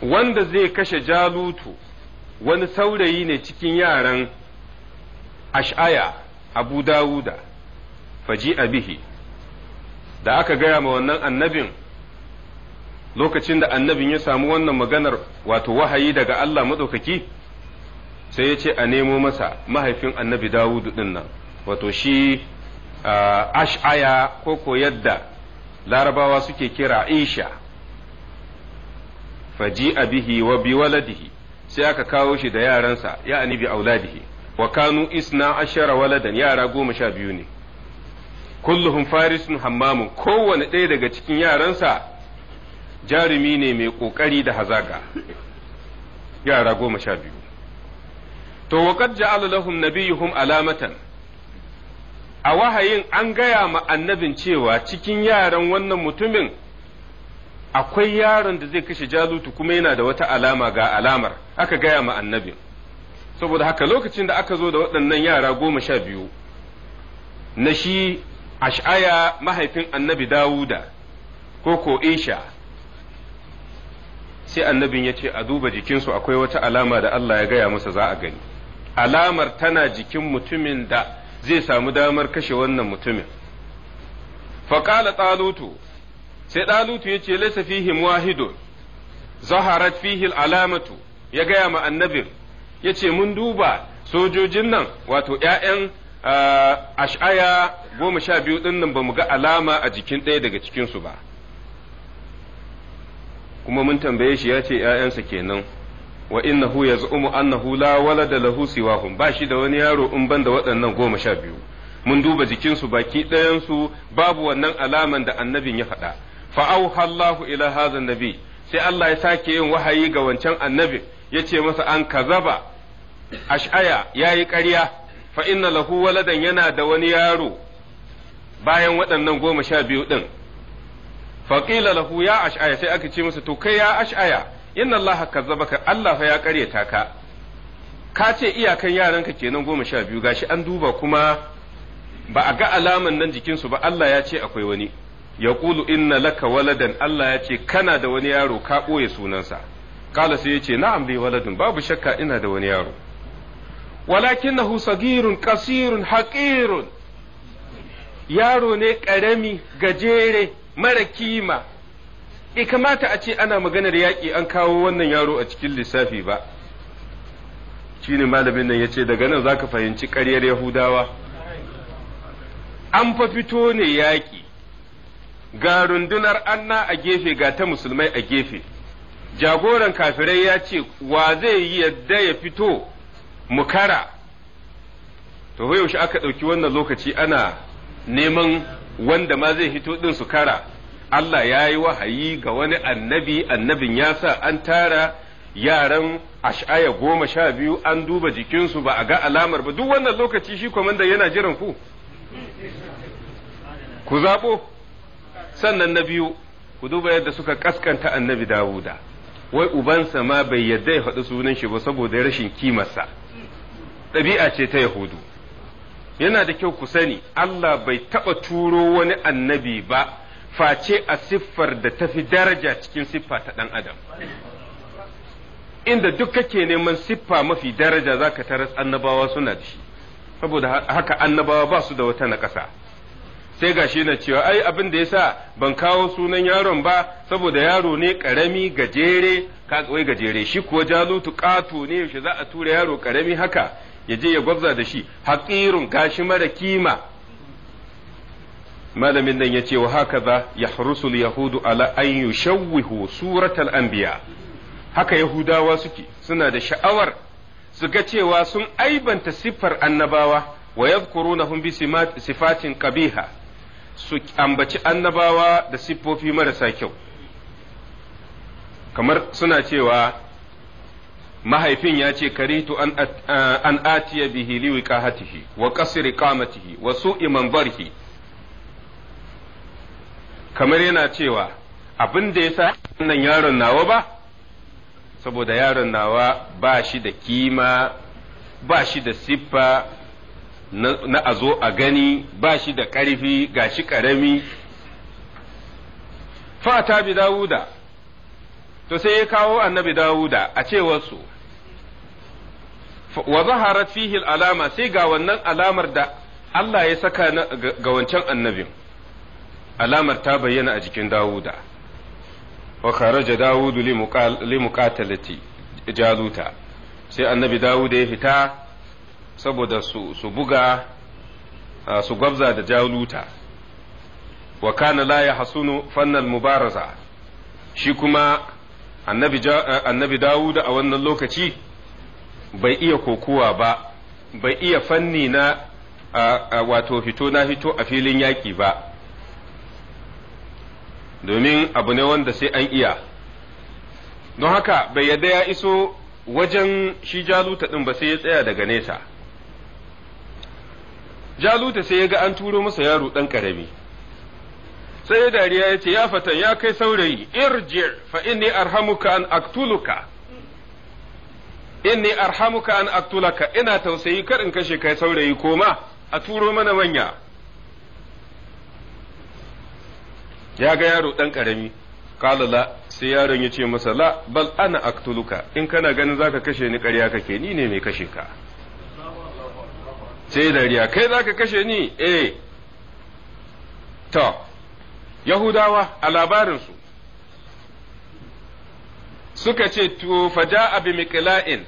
wanda zai kashe jalutu wani saurayi ne cikin yaran ash'aya abu dawuda faji bihi da aka gaya ma wannan annabin lokacin da annabin ya samu wannan maganar wato wahayi daga Allah maɗaukaki sai ya ce a nemo masa mahaifin annabi dawudu ɗin nan wato shi ash'aya ko ko yadda larabawa suke kira isha faji bihi wa biwaladihi waladihi sai aka kawo shi da yaransa ya'ani bi auladihi wa kanu isna ashara waladan yara goma sha biyu ne kulluhum farisun hammamun kowane ɗaya daga cikin yaransa jarumi ne mai ƙoƙari da hazaga yara goma sha biyu to waƙad ja'ala lahum nabiyuhum alamatan a wahayin an gaya ma annabin cewa cikin yaran wannan mutumin akwai yaron da zai kashe jalutu kuma yana da wata alama ga alamar aka gaya ma annabi saboda haka lokacin da aka zo da waɗannan yara goma sha biyu na shi ash'aya mahaifin annabi dawuda ko ko isha sai annabin ya ce a duba jikinsu akwai wata alama da Allah ya gaya masa za a gani alamar tana jikin mutumin da zai samu damar kashe wannan mutumin faƙala sai ɗalutu ya ce laisa fihim wahidun zaharat fihil alamatu ya gaya ma annabin yace mun duba sojojin nan wato ‘ya'yan ash'aya goma sha biyu ɗin nan ba mu ga alama a jikin ɗaya daga cikinsu ba kuma mun tambaye shi ya ce ‘ya'yansa kenan wa innahu ya zu'umu annahu la walada lahu siwahum ba shi da wani yaro in ban da waɗannan goma sha biyu mun duba jikinsu baki ɗayansu babu wannan alaman da annabin ya faɗa fa auha Allahu ila nabi sai Allah ya sake yin wahayi ga wancan annabi yace masa an kazaba ash'aya yayi ƙarya fa inna lahu waladan yana da wani yaro bayan waɗannan goma sha biyu ɗin faƙila lahu ya ash'aya sai aka ce masa to kai ya ash'aya inna Allah kazzabaka Allah fa ya ƙaryata ka ka ce iyakan yaranka kenan goma sha biyu gashi an duba kuma ba a ga alaman nan jikinsu ba Allah ya ce akwai wani ya kulu inna laka waladan Allah ya ce kana da wani yaro ka ɓoye sunansa kala sai ya ce na'am li waladun babu shakka ina da wani yaro Walakin na husagirun kasirun haƙirun. yaro ne ƙarami gajere mara kima e kamata a ce ana maganar yaƙi an kawo wannan yaro a cikin lissafi ba shi ne malamin nan ya ce daga nan za ka fahimci ƙaryar yahudawa an fa fito ne yaƙi ga rundunar anna a gefe ga ta musulmai a gefe jagoran kafirai ya ce wa zai yi yadda ya fito mukara to yaushe aka ɗauki wannan lokaci ana neman wanda ma zai fito ɗin su kara Allah ya yi wahayi ga wani annabi annabin ya sa an tara yaran ash'aya goma sha biyu an duba jikinsu ba a ga alamar ba duk wannan lokaci shi kwamandan yana jiran ku ku zaɓo sannan na biyu ku duba yadda suka kaskanta annabi dawuda wai ubansa ma bai yadda ya faɗi sunan shi ba saboda rashin kimarsa ɗabi'a ce ta yahudu yana da kyau ku sani Allah bai taɓa turo wani annabi ba face a siffar da tafi daraja cikin siffa ta ɗan adam inda duk kake neman siffa mafi daraja za ka taras annabawa suna da shi saboda haka annabawa ba su da wata na ƙasa sai gashi na cewa ai abin da ya sa ban kawo sunan yaron ba saboda yaro ne karami gajere ka wai gajere shi kuwa jalutu katu ne yaushe za a tura yaro karami haka ya je ya gwabza da shi haƙirun gashi mara kima malamin nan ya ce wa haka za ya yahudu ala an yushawwihu suratal anbiya haka yahudawa suke suna da sha'awar su ga cewa sun aibanta siffar annabawa wa na bi sifatin qabiha su ambaci annabawa da siffofi marasa kyau kamar suna cewa mahaifin ya ce karitu an eh, atiya bihi liwi liwiqahatihi wa qasri qamatihi wa su'i manzarihi kamar yana cewa abin da yasa wannan yaron nawa ba saboda yaron nawa ba shi da kima ba shi da siffa na a zo a gani ba shi da ƙarfi ga shi ƙarami fata bi dawuda to sai ya kawo annabi dawuda a cewarsu wa zaharat fihi alama sai ga wannan alamar da Allah ya saka ga wancan annabin alamar ta bayyana a jikin dawuda wa kharaja dawudu li muqatalati jaluta sai annabi dawuda ya fita saboda su buga su gwabza da jaluta wa kana la ya hasunu fannal mubaraza shi kuma annabi dawuda a wannan lokaci bai iya kokuwa ba bai iya fanni na wato fito na fito a filin yaƙi ba domin abu ne wanda sai an iya don haka bai yadda ya iso wajen shi jaluta ɗin ba sai ya tsaya daga nesa jaluta sai ya ga an turo masa yaro ɗan ƙarami sai ya dariya ya ce ya fatan ya kai saurayi irji fa inni arhamuka an aktuluka inni arhamuka an aktulaka ina tausayi kar in kashe kai saurayi koma a turo mana manya ya ga yaro ɗan karami kalala sai yaron ya ce masa la bal ana aktuluka in kana ganin zaka kashe ni ƙarya kake ni ne mai kashe ka sai dariya kai za ka kashe ni eh to yahudawa a labarinsu suka ce to faja abi mikila'in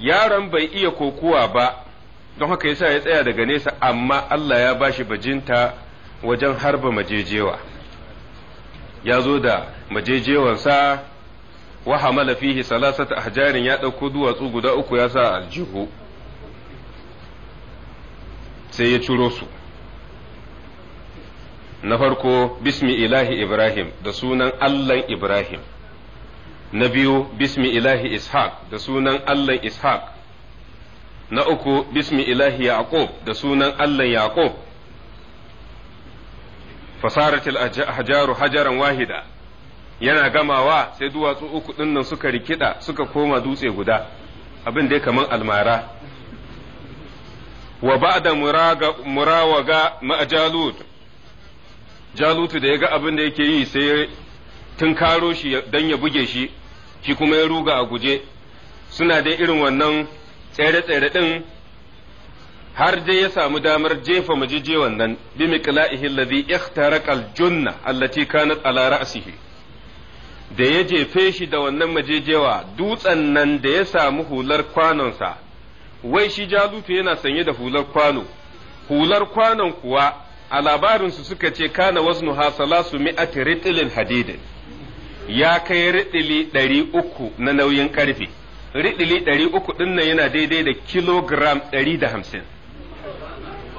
yaron bai iya kokuwa ba don haka yasa ya tsaya daga nesa amma Allah ya bashi bajinta wajen harba majejewa ya zo da majejewansa wa hamala fihi salasata ahjarin ya ɗauko duwatsu guda uku ya sa aljihu sai ya ciro su na farko bismi ilahi ibrahim da sunan allah ibrahim na biyu bismi ilahi ishaq da sunan allah ishaq na uku bismi ilahi yaqub da sunan allah yaqub fasaratil hajaru hajaran wahida yana gamawa sai duwatsu uku dinnan suka rikida suka koma dutse guda abin dai kaman almara wa ba'da murawaga ma'a jalut da ya ga abin da yake yi sai tun karo shi don ya buge shi shi kuma ya ruga a guje suna dai irin wannan tsere-tsere ɗin har dai ya samu damar jefa majije wannan bi miqla'ihi alladhi ikhtaraqa junna allati kanat ala ra'sihi da ya jefe shi da wannan majijewa dutsen nan da ya samu hular kwanonsa wai shi jalutu yana sanye da hular kwano hular kwanon kuwa a labarinsu suka ce kana wasu hasala su mi'ati ritilin hadidin ya kai riɗili ɗari uku na nauyin ƙarfe riɗili ɗari uku ɗin nan yana daidai da kilogram ɗari da hamsin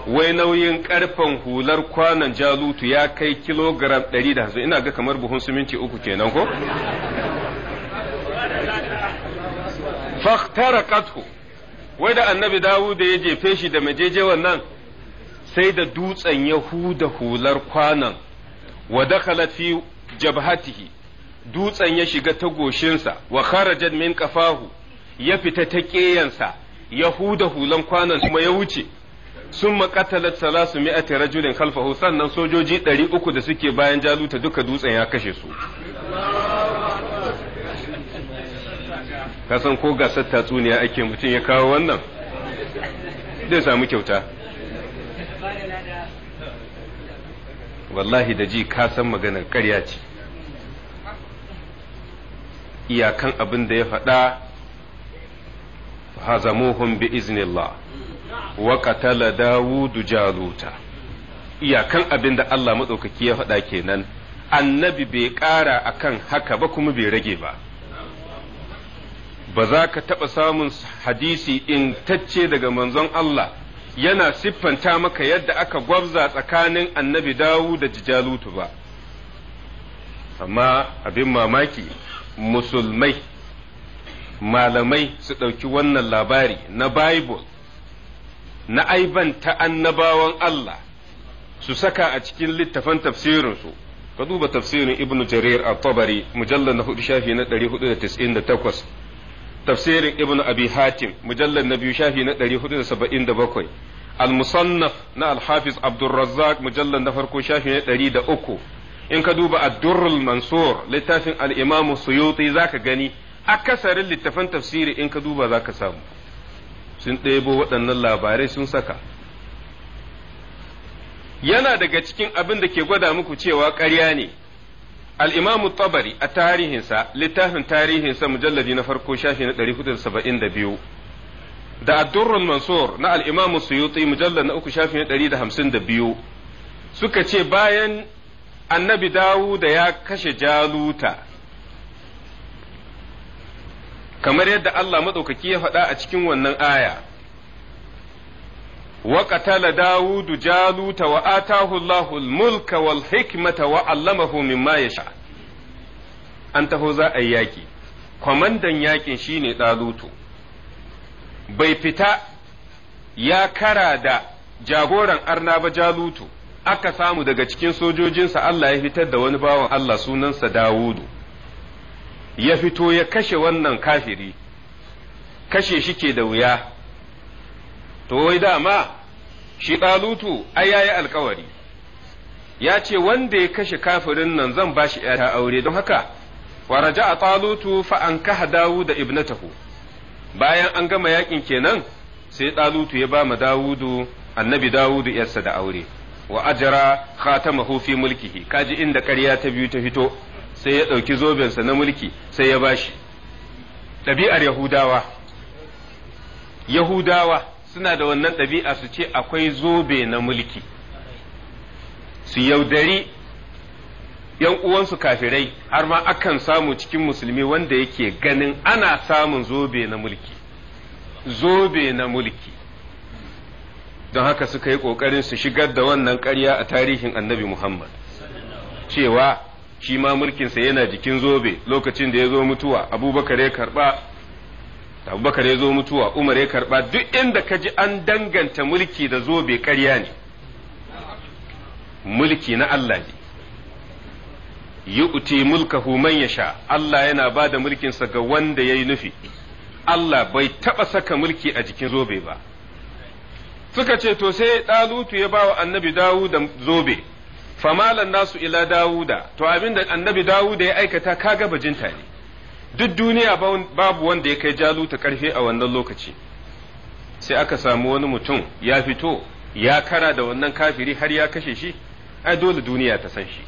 wai nauyin ƙarfen hular kwanon jalutu ya kai kilogram ɗari da hamsin ina ga kamar buhun siminti uku kenan ko fakhtara wai da annabi da ya jefe shi da majeje nan sai da dutsen ya huda hular kwanan wa dakhala fi jabhatihi dutsen ya shiga ta goshinsa wa kharajat min kafahu ya fita ta keyansa ya huda hulan kwanan kuma ya wuce sun makatalar salasu mi'ati rajulin khalfahu sannan sojoji ɗari uku da suke bayan jaluta duka dutsen ya kashe su ka san ko gasar tatsuniya ake mutum ya kawo wannan zai samu kyauta wallahi da ji ka san maganar karya ce iyakan abin da ya faɗa hazamuhum bi iznillah wa qatala dawudu jaluta iyakan abin da Allah matsokaki ya faɗa kenan annabi bai ƙara akan haka ba kuma bai rage ba ba za ka taɓa samun hadisi in tacce daga manzon Allah yana siffanta maka yadda aka gwabza tsakanin annabi dawu da jijalutu ba amma abin mamaki musulmai malamai su ɗauki wannan labari na bible na aibanta annabawan Allah su saka a cikin littafan tafsirinsu ka duba tafsirin ibnu jarir a tabari mujallar na hudu shafi na 498 tafsirin ibn abi hatim mujallar na biyu shafi na 477 al-musannaf na al-hafiz mujallar na farko shafi na uku. in ka duba ad-durrul mansur littafin al-imam suyuti zaka gani akasarin littafan tafsiri in ka duba zaka samu sun ɗebo waɗannan labarai sun saka yana daga cikin abin da ke gwada muku cewa ƙarya ne al-imamu a tarihinsa littafin tarihinsa mujalladi na farko shafi na 472 da addurrul mansur na al-imamu suyuti na uku shafi na 152 suka ce bayan annabi dawuda ya kashe jaluta kamar yadda Allah maɗaukaki ya faɗa a cikin wannan aya wa dawudu jaluta wa atahu Allahu al-mulka wal hikmata wa 'allamahu mimma yasha an taho za a yi yaƙi. kwamandan yakin shine dalutu bai fita ya kara da jagoran arna ba jalutu aka samu daga cikin sojojinsa Allah ya fitar da wani bawan Allah sunansa Dawudu ya fito ya kashe wannan kafiri kashe shi ke da wuya to wai dama shi ɗalutu ai yayi alkawari ya ce wanda ya kashe kafirin nan zan ba shi ‘yata aure don haka wa a ɗalutu fa an kaha dawuda ibnatahu bayan an gama yakin kenan sai ɗalutu ya ba ma dawudu annabi dawudu ‘yarsa da aure wa ajara khatamahu fi mulkihi kaji inda ƙarya ta biyu ta fito sai ya ɗauki zobensa na mulki sai ya bashi ɗabi'ar yahudawa yahudawa suna da wannan ɗabi'a su ce akwai zobe na mulki su yaudari yan uwansu kafirai har ma akan samu cikin musulmi wanda yake ganin ana samun zobe na mulki zobe na mulki don haka suka yi ƙoƙarin su shigar da wannan ƙarya a tarihin annabi muhammad cewa shi ma mulkinsa yana jikin zobe lokacin da ya zo mutuwa abubakar ya karba abubakar ya zo mutuwa umar ya karba duk inda ka ji an danganta mulki da zobe karya ne mulki na Allah ne yu'ti mulkahu man yasha Allah yana ba da mulkinsa ga wanda ya yi nufi Allah bai taɓa saka mulki a jikin zobe ba suka ce to sai ɗalutu ya ba wa annabi dawu da zobe famalan nasu ila dawuda to abinda da annabi dawuda ya aikata kaga bajinta ne duk duniya babu wanda ya kai jalu ta karfe a wannan lokaci sai aka samu wani mutum ya fito ya kara da wannan kafiri har ya kashe shi ai dole duniya ta san shi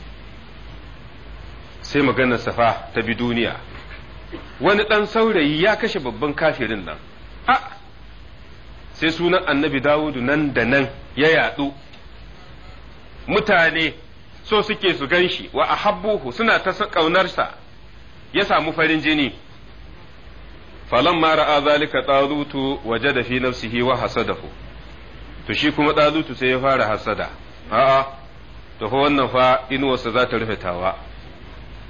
sai maganar safa ta bi duniya wani dan saurayi ya kashe babban kafirin nan a sai sunan annabi dawudu nan da nan ya yatsu mutane so suke su gan shi wa ahabbuhu suna ta ƙaunarsa ya samu farin jini falamma ra'a zalika talutu wajada fi nafsihi wa hasadahu to shi kuma talutu sai ya fara hasada a'a to fa wannan fa inuwarsa za ta rufe tawa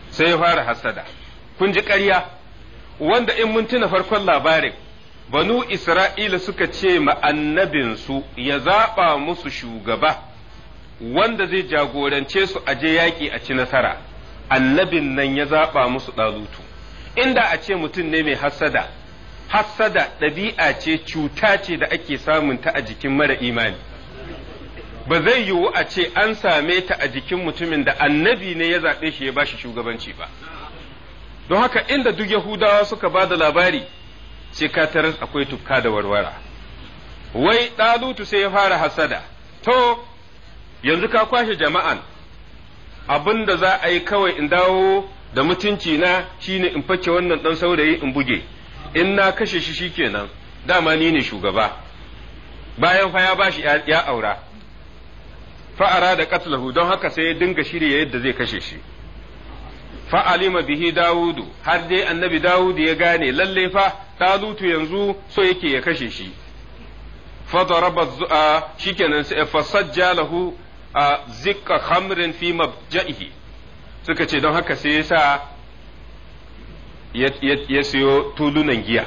sai ya fara hasada kun ji ƙarya wanda in mun tuna farkon labarin banu isra'ila suka ce ma annabinsu ya zaɓa musu shugaba wanda zai jagorance su aje yaƙi a ci nasara annabin nan ya zaɓa musu ɗalutu inda a ce mutum ne mai hassada hassada ɗabi'a ce cuta ce da ake samun ta a jikin mara imani ba zai yiwu a ce an same ta a jikin mutumin da annabi ne ya zaɓe shi ya bashi shugabanci ba don haka inda duk yahudawa suka ba da labari sai ka taras akwai tukka da warwara wai ɗalutu sai ya fara hassada to yanzu ka kwashe jama'an abin da za a yi kawai in dawo da mutunci na shine in fake wannan dan saurayi in buge in na kashe shi shikenan dama ni ne shugaba bayan fa ya bashi ya aura fa'ara da katlahu don haka sai ya dinga shirya yadda zai kashe shi fa'alima bihi dawudu har dai annabi dawudu ya gane lalle fa Dalutu yanzu so yake ya kashe shi fadaraba zu'a ah, shikenan sai fasajja lahu a zikka khamrin fi mabja'ihi suka ce don haka sai yasa ya siyo tulunan giya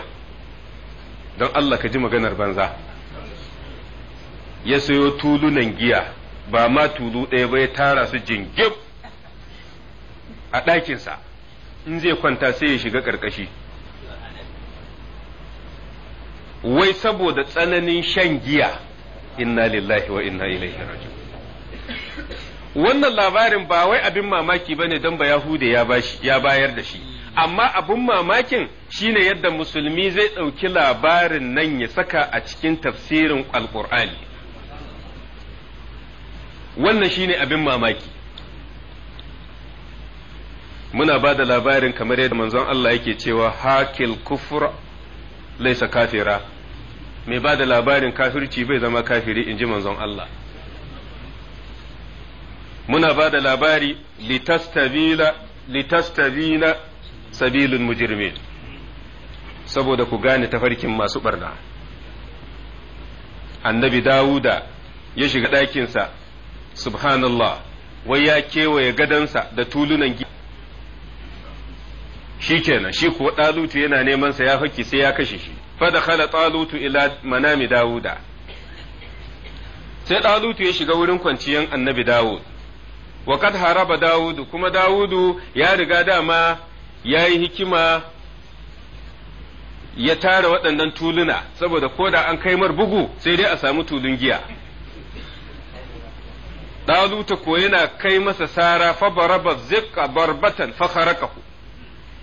don Allah ka ji maganar banza ya siyo tulunan giya ba ma tulu ɗaya ba ya tara su jingib a ɗakinsa in zai kwanta sai ya shiga ƙarƙashi wai saboda tsananin shan giya inna lillahi wa inna ilaihi raji'un wannan labarin ba wai abin mamaki ba ne dan ba yahude ya bashi ya bayar da shi amma abin mamakin shine yadda musulmi zai ɗauki labarin nan ya saka a cikin tafsirin alƙur'ani. wannan shine abin mamaki muna ba da labarin kamar yadda manzon Allah yake cewa hakil kufur laisa kafira mai ba da labarin kafirci bai zama kafiri in ji manzon Allah muna ba da labari litastabila sabilun mujirme saboda ku gane tafarkin masu barna annabi dawuda ya shiga ɗakinsa subhanallah wai ya kewaye gadansa da tulunan gida. shi kenan shi kuwa ɗalutu yana neman sa ya haƙƙi sai ya kashe shi fada khala ɗalutu ila manami dawuda sai ɗalutu ya shiga wurin kwanciyan annabi dawud wa kad haraba dawudu kuma dawudu ya riga dama ya hikima ya tara waɗannan tuluna saboda ko da an kai mar bugu sai dai a samu tulun giya ɗaluta ko yana kai masa sara fa baraba zikka barbatan fa kharakahu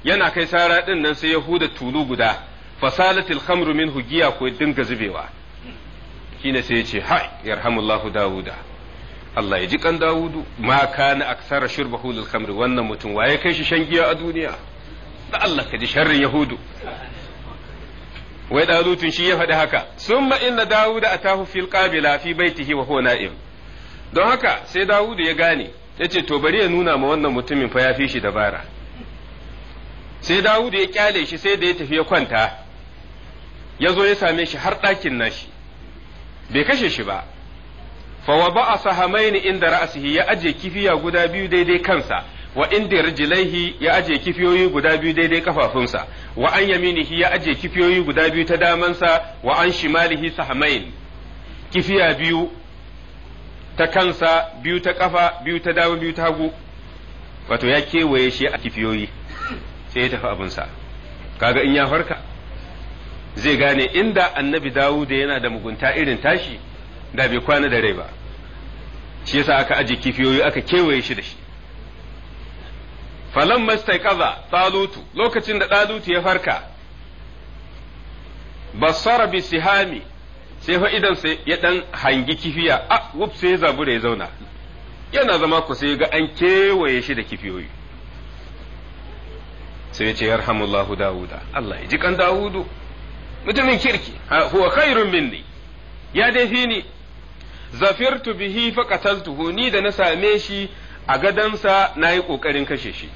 yana kai sara ɗin nan sai ya huda tulu guda fasalatil khamru minhu giya ko dinga zubewa shine sai ya ce hai yarhamullahu dawuda Allah ya ji kan Dawudu ma kana aksara shurbahu lil khamri wannan mutum waye kai shi shan giya a duniya da Allah ka ji sharrin yahudu wai dalutun shi ya faɗi haka summa inna Dawuda atahu fil qabila fi baitihi wa huwa na'im don haka sai Dawudu ya gane yace to bari ya nuna ma wannan mutumin fa ya fi shi dabara sai Dawudu ya kyale shi sai da ya tafi ya kwanta ya zo ya same shi har ɗakin nashi bai kashe shi ba fa wa ba'a sahamaini inda ra'sihi ya aje kifiya guda biyu daidai kansa wa inda rijlaihi ya aje kifiyoyi guda biyu daidai kafafunsa wa an yaminihi ya aje kifiyoyi guda biyu ta damansa wa an shimalihi sahamain kifiya biyu ta kansa biyu ta kafa biyu ta dama biyu ta hagu wato ya kewaye shi a kifiyoyi sai ya tafi abinsa kaga in ya farka zai gane inda annabi dawuda yana da mugunta irin tashi da bai kwana da rai ba shi yasa aka aje kifiyoyi aka kewaye shi da shi falan Kaza talutu lokacin da talutu ya farka basara bi sihami sai fa idan sai ya dan hangi kifiya a wuf sai ya zabura ya zauna yana zama ku sai ga an kewaye shi da kifiyoyi sai ya ce yarhamullahu dawuda Allah ya ji kan dawudu mutumin kirki huwa khairun minni ya dai fi ni zafirtu bihi faqataltuhu ni da na same shi a gadansa nayi kokarin kashe shi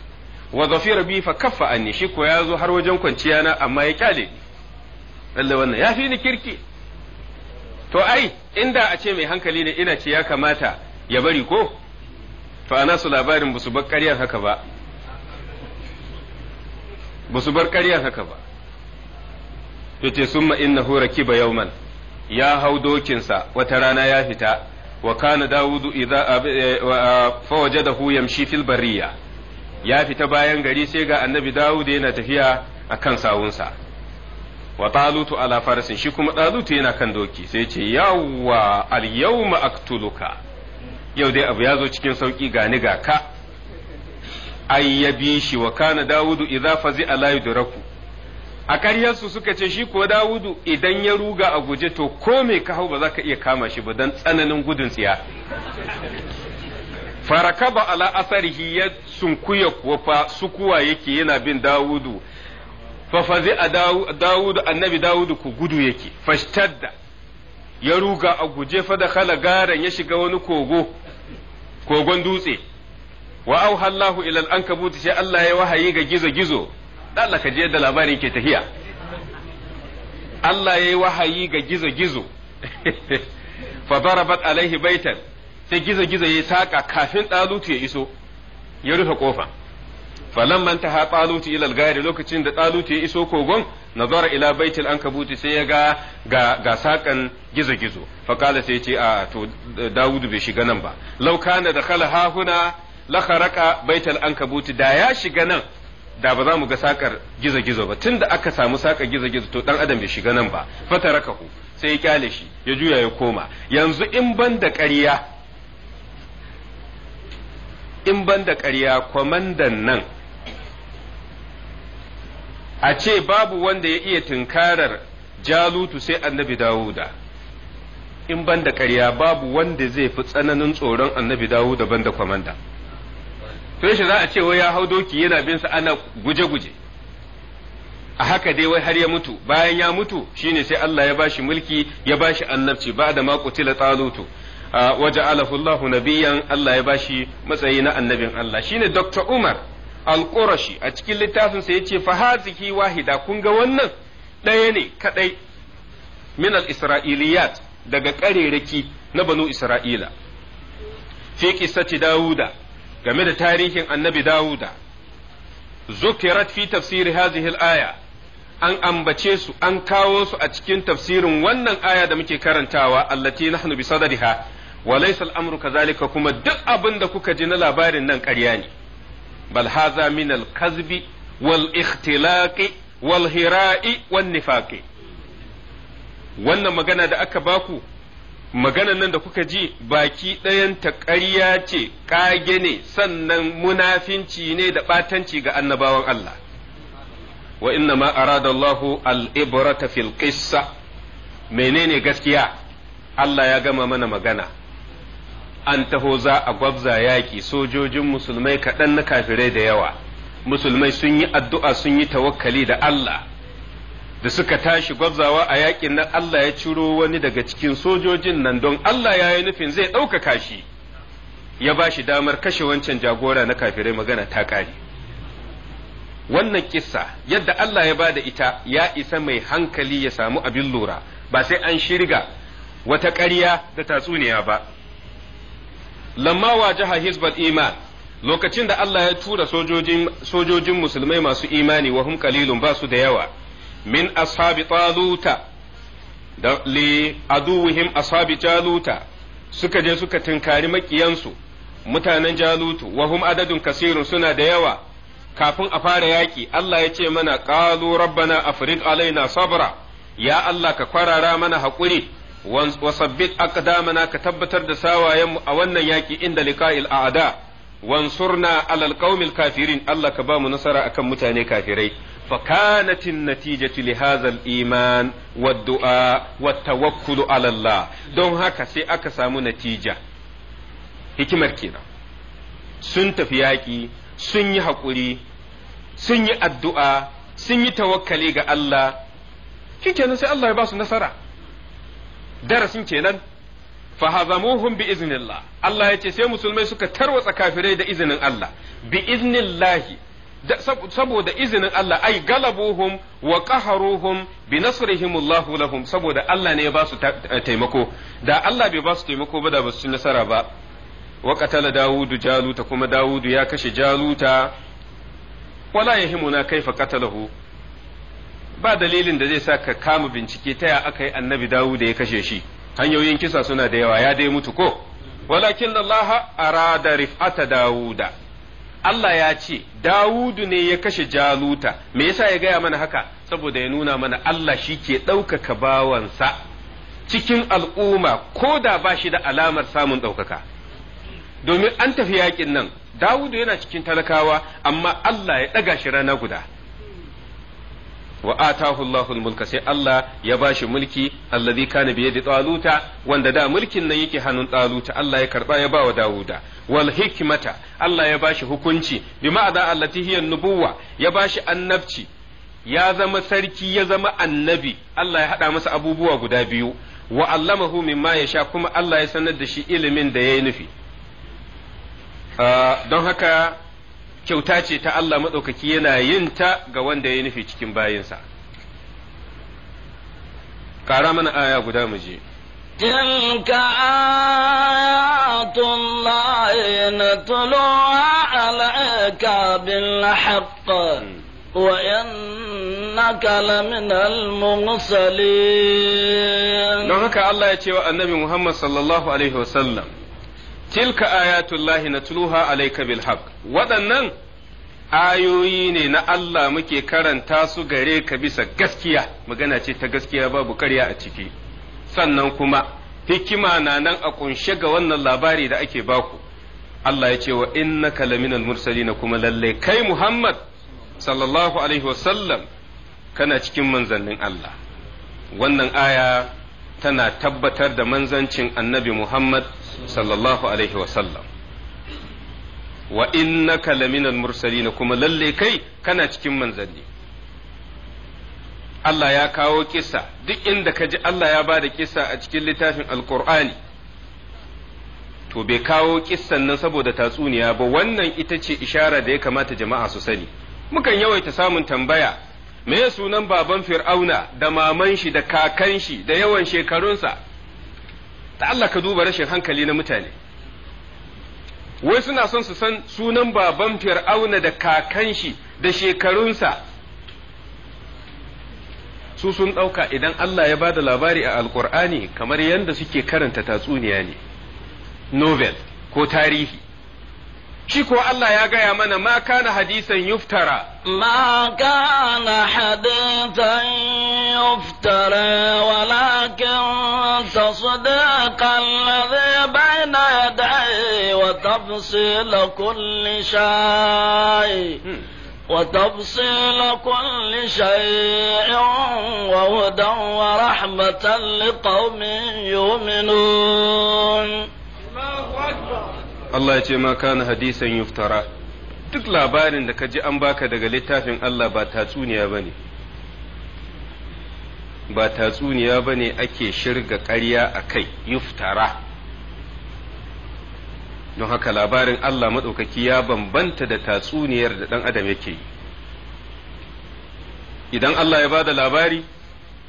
wa zafira bi fa kaffa anni shi ko ya zo har wajen kwanciya na amma ya kyale ni lalle wannan ya fi ni kirki to ai inda a ce mai hankali ne ina ce ya kamata ya bari ko to ana su labarin ba su bar ƙaryar haka ba ba bar ƙaryar haka ba to ce summa innahu rakiba yawman ya hau dokinsa wata rana ya fita wa kana dawudu idza eh, eh, eh, fa wajadahu yamshi fil bariya ya fita bayan gari sai ga annabi dawudu yana tafiya akan sawunsa wa talutu ala farasin shi kuma talutu yana kan doki sai ce yawwa al yawma aktuluka yau dai abu ya zo cikin sauki ga ni ga ka ayyabi bi shi wa kana dawudu idza fazi ala yudraku a ƙaryarsu suka ce shi ko Dawudu idan ya ruga a guje to ko me ka hau ba za ka iya kama shi ba don tsananin gudun tsiya. Farakaba ala asarihi ya sunkuya kuwa fa sukuwa yake yana bin Dawudu. Fafazi a Dawudu annabi Dawudu ku gudu yake. Fashtadda ya ruga a guje fa da khala garan ya shiga wani kogo kogon dutse. Wa auhallahu ilal ankabuti sai Allah ya wahayi ga gizo gizo. Allah ka je yadda labarin ke tahiya Allah ya yi wahayi ga gizo-gizo fa darabat alaihi baitan sai gizo-gizo ya saka kafin ɗalutu ya iso ya rufe kofa falamman ta ha ɗalutu ilal gari lokacin da ɗalutu ya iso kogon nazara ila baitil an kabuti sai ya ga ga sakan gizo-gizo Fa kala sai ce a to dawudu bai shiga nan ba laukana da kala hahuna la kharaqa baital ankabuti da ya shiga nan da ba za mu ga sakar gizo-gizo ba tun da aka samu sakar gizo-gizo to dan adam bai shiga nan ba raka ku sai ya kyale shi ya juya ya koma yanzu in ban da ƙarya in ban da ƙarya kwamandan nan a ce babu wanda ya iya tunkarar jalutu sai annabi dawuda in ban da ƙarya babu wanda zai fi tsananin tsoron annabi dawuda ban da kwamanda to shi za a ce wai ya hau doki yana bin sa ana guje-guje a haka dai wai har ya mutu bayan ya mutu shine sai Allah ya bashi mulki ya bashi annabci ba da ma qutila talutu waje alahullahu nabiyan Allah ya bashi matsayi na annabin Allah shine Dr. Umar Al-Qurashi a cikin littafin sa yace fa hazihi wahida kun ga wannan ɗaya ne kadai min al-isra'iliyat daga ƙareraki na banu Isra'ila fi qissati Dawuda game da tarihin annabi Dawuda zukirat fi tafsiri hadhihi aya an ambace su an kawo su a cikin tafsirin wannan aya da muke karantawa allati nahnu bi sadriha wa amru kuma duk abin da kuka ji na labarin nan ƙarya ne bal min al-kazbi wal ikhtilaqi wal hira'i wan nifaqi wannan magana da aka baku maganan nan da kuka ji baki ɗayan ta ƙarya ce ƙage ne sannan munafinci ne da ɓatanci ga annabawan Allah wa inna ma arada Allahu al-ibrata fil qissa menene gaskiya Allah ya gama mana magana an taho za a gwabza yaƙi sojojin musulmai kaɗan na kafirai da yawa musulmai sun yi addu'a sun yi tawakkali da Allah da suka tashi gwabzawa a yakin nan Allah ya ciro wani daga cikin sojojin nan don Allah ya yi nufin zai ɗaukaka shi ya ba shi damar kashe wancan jagora na kafirai magana ta ƙare wannan kissa yadda Allah ya ba da ita ya isa mai hankali ya samu abin lura ba sai an shirga wata ƙarya da tatsuniya ba lamma wa jiha hizbal iman lokacin da Allah ya tura sojojin musulmai masu imani wa hum ba su da yawa min ashabi taluta da li aduwihim ashabi jaluta suka je suka tinkari makiyansu mutanen jalutu wahum adadun kasirun suna da yawa kafin a fara yaki Allah ya ce mana qalu rabbana afrid alaina sabra ya Allah ka kwarara mana haƙuri wa sabbit aqdamana ka tabbatar da sawayenmu a wannan yaki inda liqa'il a'da wansurna alal qaumil kafirin Allah ka ba mu nasara akan mutane kafirai فكانت النتيجة لهذا الإيمان والدعاء والتوكل على الله دون هكا سي أكا سامو نتيجة hikimar kenan sun tafi yaƙi sun yi haƙuri sun yi addu'a sun yi tawakkali ga Allah shi kenan sai Allah ya ba su nasara darasin kenan fahazamuhum bi iznillah Allah ya ce sai musulmai suka tarwatsa kafirai da izinin Allah bi iznillahi saboda izinin Allah ai galabuhum wa qaharuhum bi nasrihim Allahu lahum saboda Allah ne ya ba su taimako da Allah bai ba su taimako ba da ba su ci nasara ba wa qatala dawudu jaluta kuma dawudu ya kashe jaluta wala yahimuna kaifa qatalahu ba dalilin da zai sa ka kama bincike ta ya aka yi annabi Dawudu ya kashe shi hanyoyin kisa suna da yawa ya dai mutu ko walakin Allah arada rif'ata dawuda Allah ya ce Dawudu ne ya kashe Jaluta me yasa ya gaya mana haka saboda ya nuna mana Allah shi ke ɗaukaka bawansa cikin al'umma ko da ba shi da alamar samun ɗaukaka domin an tafi yaƙin nan Dawudu yana cikin talakawa amma Allah ya ɗaga shi rana guda wa atahu Allahu mulka sai Allah ya bashi mulki allazi kana da yadi taluta wanda da mulkin nan yake hannun taluta Allah ya karba ya bawa Dawuda wal hikmata Allah ya bashi hukunci bi ma'ana allati hiya nubuwa ya bashi annabci ya zama sarki ya zama annabi Allah ya hada masa abubuwa guda biyu wa allamahu mimma yasha kuma Allah ya sanar da shi ilimin da yayi nufi ah, don haka kyauta ce ta Allah maɗaukaki yana yin ta ga wanda ya nufi cikin bayinsa. Ƙara mana aya guda mu je. تلك آيات الله نتلوها عليك بالحق وإنك لمن المرسلين. نعم الله يتيوى النبي محمد صلى الله عليه وسلم tilka ayatullahi natluha alayka bil haqq waɗannan ayoyi ne na Allah muke karanta su gare ka bisa gaskiya magana ce ta gaskiya babu karya a ciki sannan kuma hikima na nan a kunshe ga wannan labari da ake baku Allah ya ce wa innaka laminal na kuma lalle kai Muhammad sallallahu alaihi wasallam kana cikin manzannin Allah wannan aya tana tabbatar da manzancin annabi Muhammad sallallahu alaihi sallam wa innaka laminal mursalin kuma lalle kai kana cikin manzanni Allah ya kawo kisa duk inda ka ji Allah ya ba da kisa a cikin littafin alkur'ani to bai kawo kissan nan saboda tatsuniya ba wannan ita ce ishara da ya kamata jama'a su sani mukan yawaita samun tambaya me sunan baban fir'auna da maman shi da kakan shi da yawan shekarunsa da Allah ka duba rashin hankali na mutane wai suna son su san sunan baban fir'auna da kakan shi da shekarunsa su sun ɗauka idan Allah ya bada labari a alkur'ani kamar yadda suke karanta tatsuniya ne novel ko tarihi shi ko Allah ya gaya mana ma kana hadisan yuftara ma kana hadisan yuftara walakin تصديق الذي بين يديه وتفصيل كل شيء وتفصيل كل شيء وهدى ورحمة لقوم يؤمنون الله أكبر Allah ya ce ma kana hadisan yuftara duk labarin da ka ji an baka daga littafin Allah ba tatsuniya ba ne ba tatsuniya ba ne ake shirga ƙarya a kai yuftara don haka labarin Allah maɗaukaki ya bambanta da tatsuniyar da ɗan adam yake yi idan Allah ya ba da labari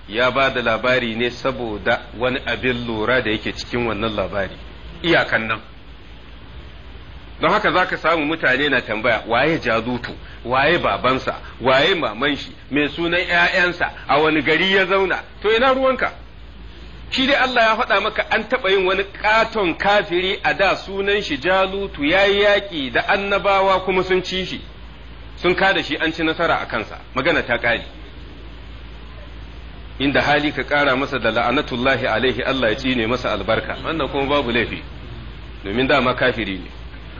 ya ba da labari ne saboda wani abin lura da yake cikin wannan labari iyakan nan don haka za ka samu mutane na tambaya waye jazutu waye babansa waye maman shi mai sunan 'ya'yansa a wani gari ya zauna to ina ruwanka shi dai Allah ya faɗa maka an taɓa yin wani ƙaton kafiri a da sunan shi jalutu ya yi yaƙi da annabawa kuma sun ci shi sun kada shi an ci nasara a kansa magana ta ƙari inda hali ka ƙara masa da la'anatullahi alaihi Allah ya ne masa albarka wannan kuma babu laifi domin dama kafiri ne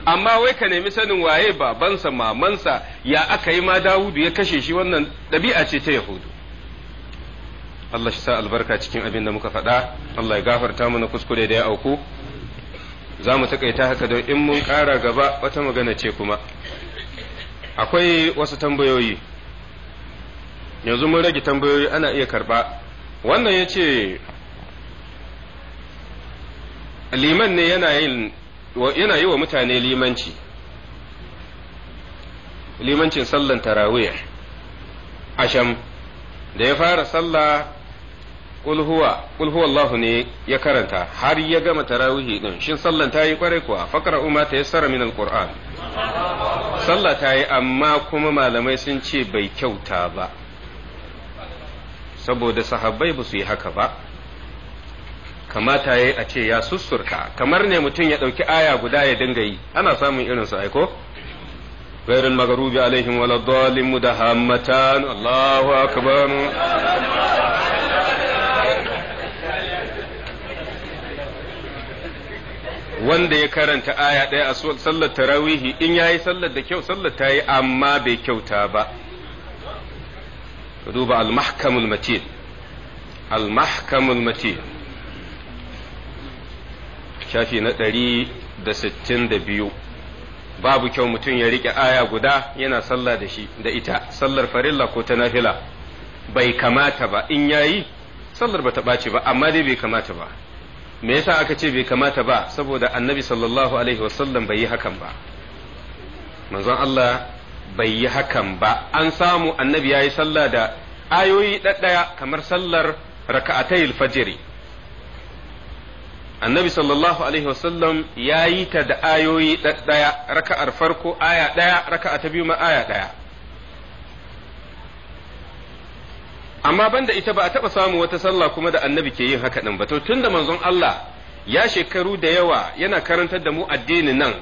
amma wai ka nemi sanin waye babansa mamansa ya aka yi ma Dawudu ya kashe shi wannan ɗabi'a ce ta Yahudu Allah shi sa albarka cikin abin da muka faɗa Allah ya gafarta mana kuskure da ya auku za mu takaita haka don in mun ƙara gaba wata magana ce kuma akwai wasu tambayoyi yanzu mun rage tambayoyi ana iya karba wannan ya ce liman ne yana yin yana yi wa mutane limanci limancin sallan tarawiyya asham da ya fara salla kul huwa Allah ne ya karanta har ya gama tarawih din shin sallan ta yi kwarai kuwa fakara umma ta yassara min alquran sallah ta yi amma kuma malamai sun ce bai kyauta ba saboda sahabbai ba su yi haka ba kamata yayi a ce ya sussurka kamar ne mutum ya ɗauki aya guda ya dinga yi ana samun irin su aiko غير المغروب عليهم ولا wanda ya karanta aya ɗaya a sallar tarawihi in ya yi sallar da kyau sallar ta yi amma bai kyauta ba duba al-mahkamul matin al-mahkamul matin shafi na ɗari da sittin da biyu babu kyau mutum ya riƙe aya guda yana sallah da shi da ita sallar farilla ko ta nafila bai kamata ba in yayi sallar ba ta ɓaci ba amma dai bai kamata ba me yasa aka ce bai kamata ba saboda annabi sallallahu alaihi wasallam bai yi hakan ba manzon Allah bai yi hakan ba an samu annabi ya yi sallah da ayoyi ɗaɗɗaya kamar sallar raka'atayil fajiri annabi sallallahu alaihi wasallam ya yi ta da ayoyi ɗaya raka'ar farko aya ɗaya raka'a ta biyu ma aya ɗaya amma banda ita ba a taɓa samu wata sallah kuma da annabi ke yin haka ɗin ba to tun da manzon Allah ya shekaru da yawa yana karantar da mu addinin nan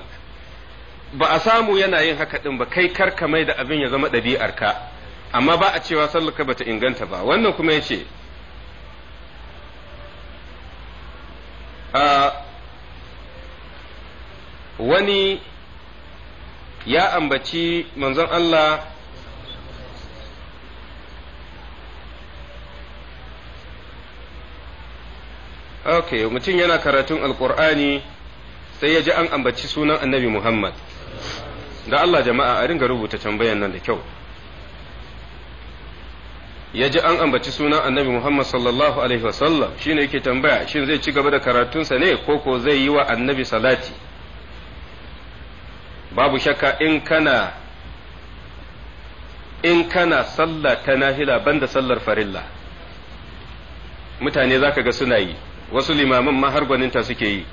ba a samu yana yin haka ɗin ba kai kar ka mai da abin ya zama ɗabi'arka amma ba a cewa ka bata inganta ba wannan kuma ya ce wani ya ambaci manzon Allah ok mutum yana karatun alkur'ani sai ya ji an ambaci sunan annabi Muhammad da Allah jama'a a ringa rubuta tambayan nan da kyau ya ji an ambaci sunan annabi Muhammad sallallahu alaihi wasallam shine yake tambaya shin zai ci gaba da karatunsa ne ko ko zai yi wa annabi salati babu shakka in kana in kana sallah ta nafila banda sallar farilla mutane zaka ga suna yi wasu limaman ma har gwaninta suke yi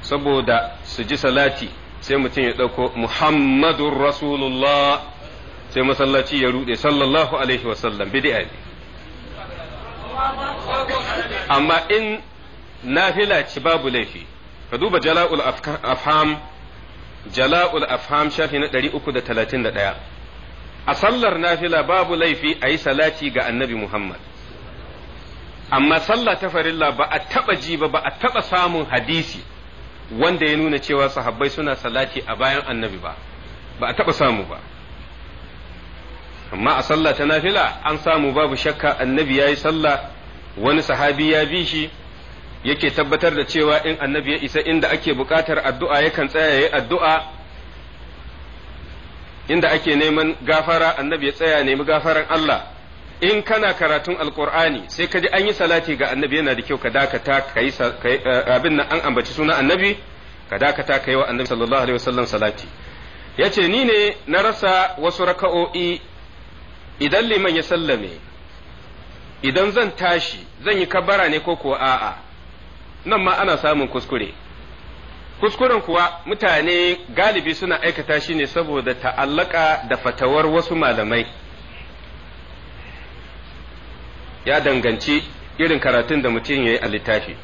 saboda su ji salati sai mutum ya ɗauko Muhammadun Rasulullah sai masallaci ya rude sallallahu alaihi wasallam bid'a ne amma in nafila ci babu laifi ka duba jala'ul afham jala'ul afham shafi na 331 a sallar nafila babu laifi a yi salati ga annabi Muhammad amma sallah ta farilla ba a taba ji ba ba a taba samun hadisi wanda ya nuna cewa sahabbai suna salati a bayan annabi ba ba a taba samu ba amma a sallah ta nafila an samu babu shakka annabi yayi sallah wani sahabi ya bi shi yake tabbatar da cewa in annabi ya isa inda ake buƙatar addu'a yakan tsaya yayi addu'a inda ake neman gafara annabi ya tsaya nemi gafaran Allah in kana karatun alkur'ani sai ka ji an yi salati ga annabi yana da kyau ka dakata ka yi eh, abin nan an ambaci suna annabi ka dakata ka yi wa annabi sallallahu alaihi wasallam salati yace ni ne na rasa wasu raka'o'i idan liman ya sallame idan zan tashi zan yi kabara ne ko kuwa a'a nan ma ana samun kuskure kuskuren kuwa mutane galibi suna aikata shi ne saboda ta'allaka da fatawar wasu malamai ya danganci irin karatun da mutum ya yi a littafi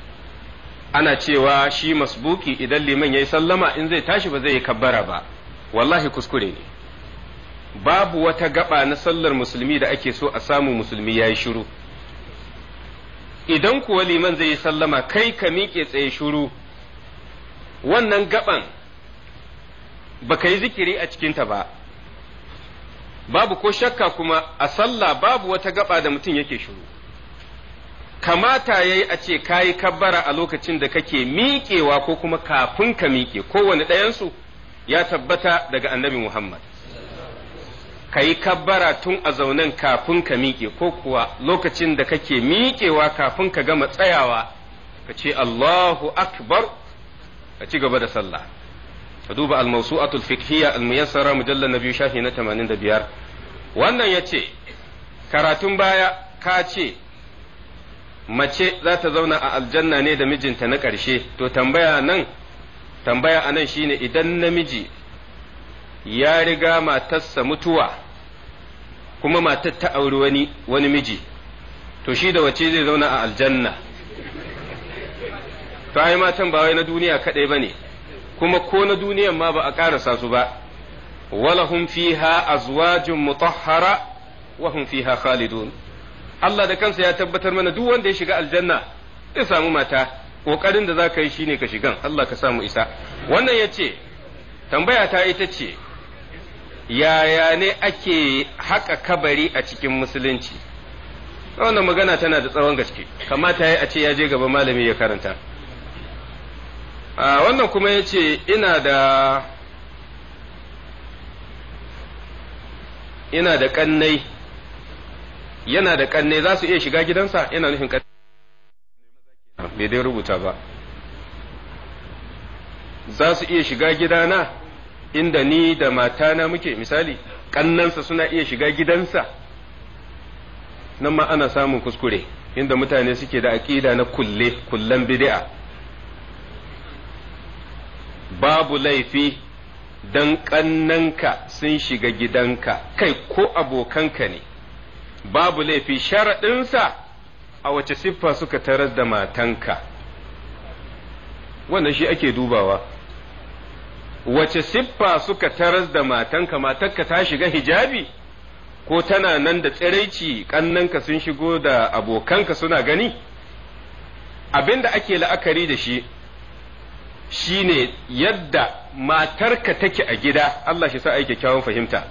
ana cewa shi masbuki idan liman ya yi sallama in zai tashi ba zai yi kabara ba wallahi kuskure ne babu wata gaba na sallar musulmi da ake so a samu musulmi ya yi shiru idan kuwa liman zai yi sallama kai ka miƙe tsaye shiru wannan gaban baka yi zikiri a cikinta ba babu ko shakka kuma a sallah babu wata gaba da mutum yake shiru kamata ya yi a ce ka yi kabbara a lokacin da kake miƙewa ko kuma kafin ka miƙe kowane ɗayansu ya tabbata daga annabi Muhammad. ka yi kabbara tun a zaunen kafin ka miƙe ko kuwa lokacin da kake miƙewa kafin ka gama tsayawa ka ce Allahu akbar ka ci gaba da sallah ka duba almasu a fiqhiyya al mujallar na biyu shafi na tamanin da biyar. wannan ya ce karatun baya ka ce mace za ta zauna a aljanna ne da mijinta na ƙarshe to tambaya nan tambaya shine idan namiji ya riga matarsa mutuwa kuma matar ta auri wani wani miji to shi da wace zai zauna a aljanna to ai matan ba wai na duniya kadai bane kuma ko na duniyan ma ba a karasa su ba walahum fiha azwajun mutahhara wa hum fiha khalidun Allah da kansa ya tabbatar mana duk wanda ya shiga aljanna zai samu mata kokarin da za ka yi shine ka shigan Allah ka samu isa wannan yace tambaya ta ita ce yaya ne ake haƙa kabari a cikin musulunci wannan magana tana da tsawon gaske kamata ya a ce ya je gaba malami ya karanta wannan kuma ya ce ina da ina da kannai yana da kannai za su iya shiga gidansa ina nufin kannai bai dai rubuta ba za su iya shiga gidana inda ni da matana muke misali kannansa suna iya shiga gidansa nan ma ana samun kuskure inda mutane suke da aƙida na kulle kullen bid'a babu laifi don ƙannanka sun shiga gidanka kai ko abokanka ne babu laifi sharaɗinsa a wace siffa suka tarar da matanka wannan shi ake dubawa wace siffa suka taras da matanka matanka ta shiga hijabi ko tana nan da tsiraici kannanka sun shigo da abokanka suna gani Abin da ake la'akari da shi shi ne yadda matarka take a gida Allah shi sa a yi kyakkyawan fahimta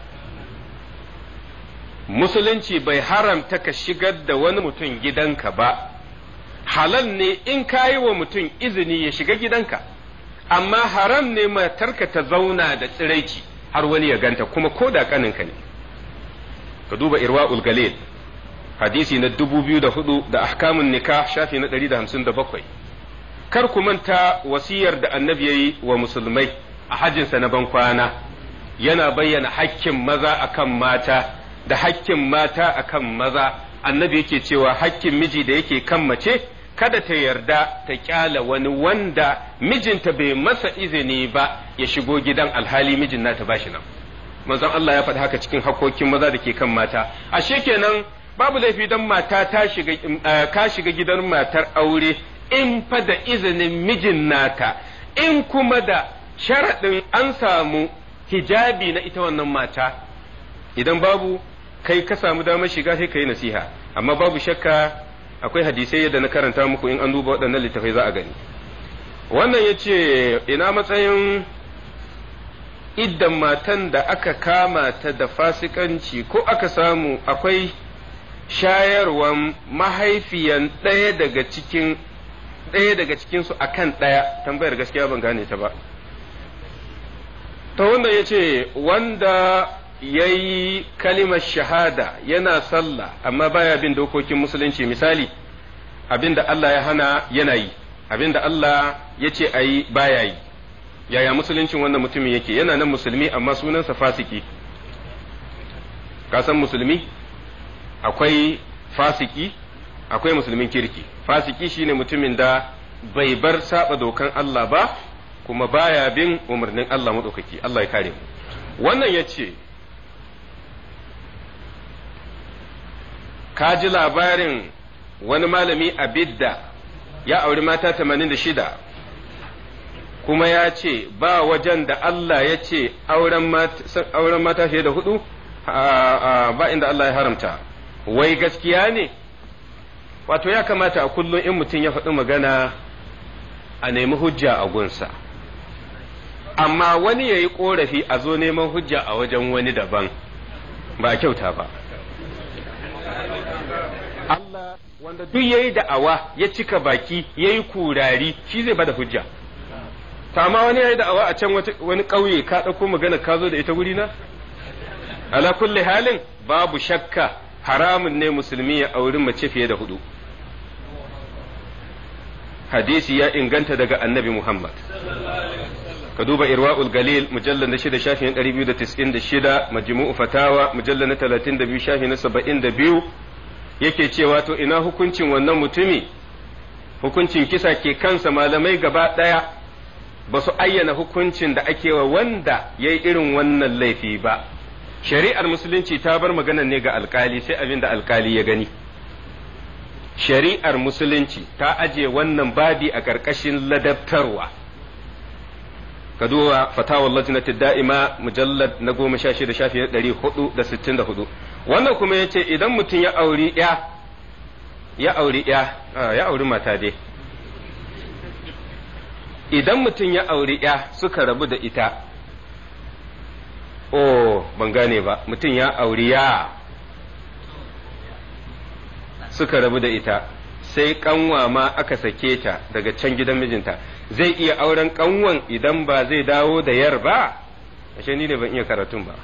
musulunci bai haramta ka shigar da wani mutum gidanka ba halal ne in kayi wa mutum izini ya shiga gidanka amma haram ne matarka ta zauna da tsiraici har wani ya ganta kuma ko da kaninka ne ka duba Irwa galil hadisi na dubu biyu da hudu da ahkamun nika shafi na da da hamsin bakwai. kar ku manta wasiyar da annabi ya yi wa musulmai a hajjinsa na ban kwana yana bayyana hakkin maza akan mata da hakkin mata akan maza annabi yake cewa hakkin miji da yake kan mace kada ta yarda ta kyala wani wanda mijinta bai masa izini ba ya shigo gidan alhali mijin nata ba shi nan manzon Allah ya faɗi haka cikin hakokin maza da ke kan mata ashe kenan babu laifi dan mata ta shiga eh, ka shiga gidan matar aure in fa da izinin mijin nata in kuma da sharaɗin an samu hijabi na ita wannan mata idan babu kai ka samu damar shiga sai ka yi nasiha amma babu shakka akwai hadisai yadda na karanta muku in an duba waɗannan littafai za a gani wannan ya ce ina matsayin idan matan da aka kama ta da fasikanci ko aka samu akwai shayarwan mahaifiyan ɗaya daga cikin ɗaya daga cikinsu a kan ɗaya tambayar gaskiya ban gane ta ba ta wanda ya ce wanda yayi kalimar shahada yana sallah amma baya bin dokokin musulunci misali abinda Allah ya hana yana yi abinda Allah ya ce a yi baya yi yaya musuluncin wannan mutumin yake yana nan musulmi amma sunansa fasiki kasan musulmi akwai fasiki akwai musulmin kirki fasiki shine mutumin da bai bar saba dokan Allah ba kuma baya bin umarnin Allah maɗaukaki Allah ya kare mu wannan ya ce ka ji labarin wani malami Abidda ya auri mata tamanin da shida kuma ya ce ba wajen da Allah ya ce auren mata fiye da hudu ba inda Allah ya haramta wai gaskiya ne wato ya kamata a kullum in mutum ya faɗi magana a nemi hujja a gunsa amma wani ya yi ƙorafi a zo neman hujja a wajen wani daban ba kyauta ba Allah wanda duk yayi da'awa ya cika baki yayi kurari shi zai bada hujja ta wani wani yi da'awa a can wani ƙauye ka ɗauko magana ka zo da ita wuri na ala kulli halin babu shakka haramun ne musulmi ya auri mace fiye da hudu hadisi ya inganta daga annabi Muhammad ka duba irwa'ul galil mujallar na shida shafi na ɗari biyu da tis'in da shida majmu'u fatawa mujallar na talatin da biyu shafi na saba'in da biyu yake cewa to ina hukuncin wannan mutumi hukuncin kisa ke kansa malamai gaba ɗaya ba su ayyana hukuncin da ake wa wanda ya yi irin wannan laifi ba shari'ar musulunci ta bar maganar ne ga alkali sai abin da alkali ya gani shari'ar musulunci ta ajiye wannan babi a ƙarƙashin ladabtarwa ka duba fatawar ta da'ima mujallad na goma sha shida shafi na ɗari hudu da sittin da hudu wannan kuma ya ce idan mutum ya auri ya ya auri ya ya auri mata dai idan mutum ya auri ya suka rabu da ita oh ban gane ba mutum ya auri ya suka rabu da ita sai kanwa ma aka sake ta daga can gidan mijinta zai iya auren kanwan idan ba zai dawo da yar ba ashe ni ne ban iya karatun ba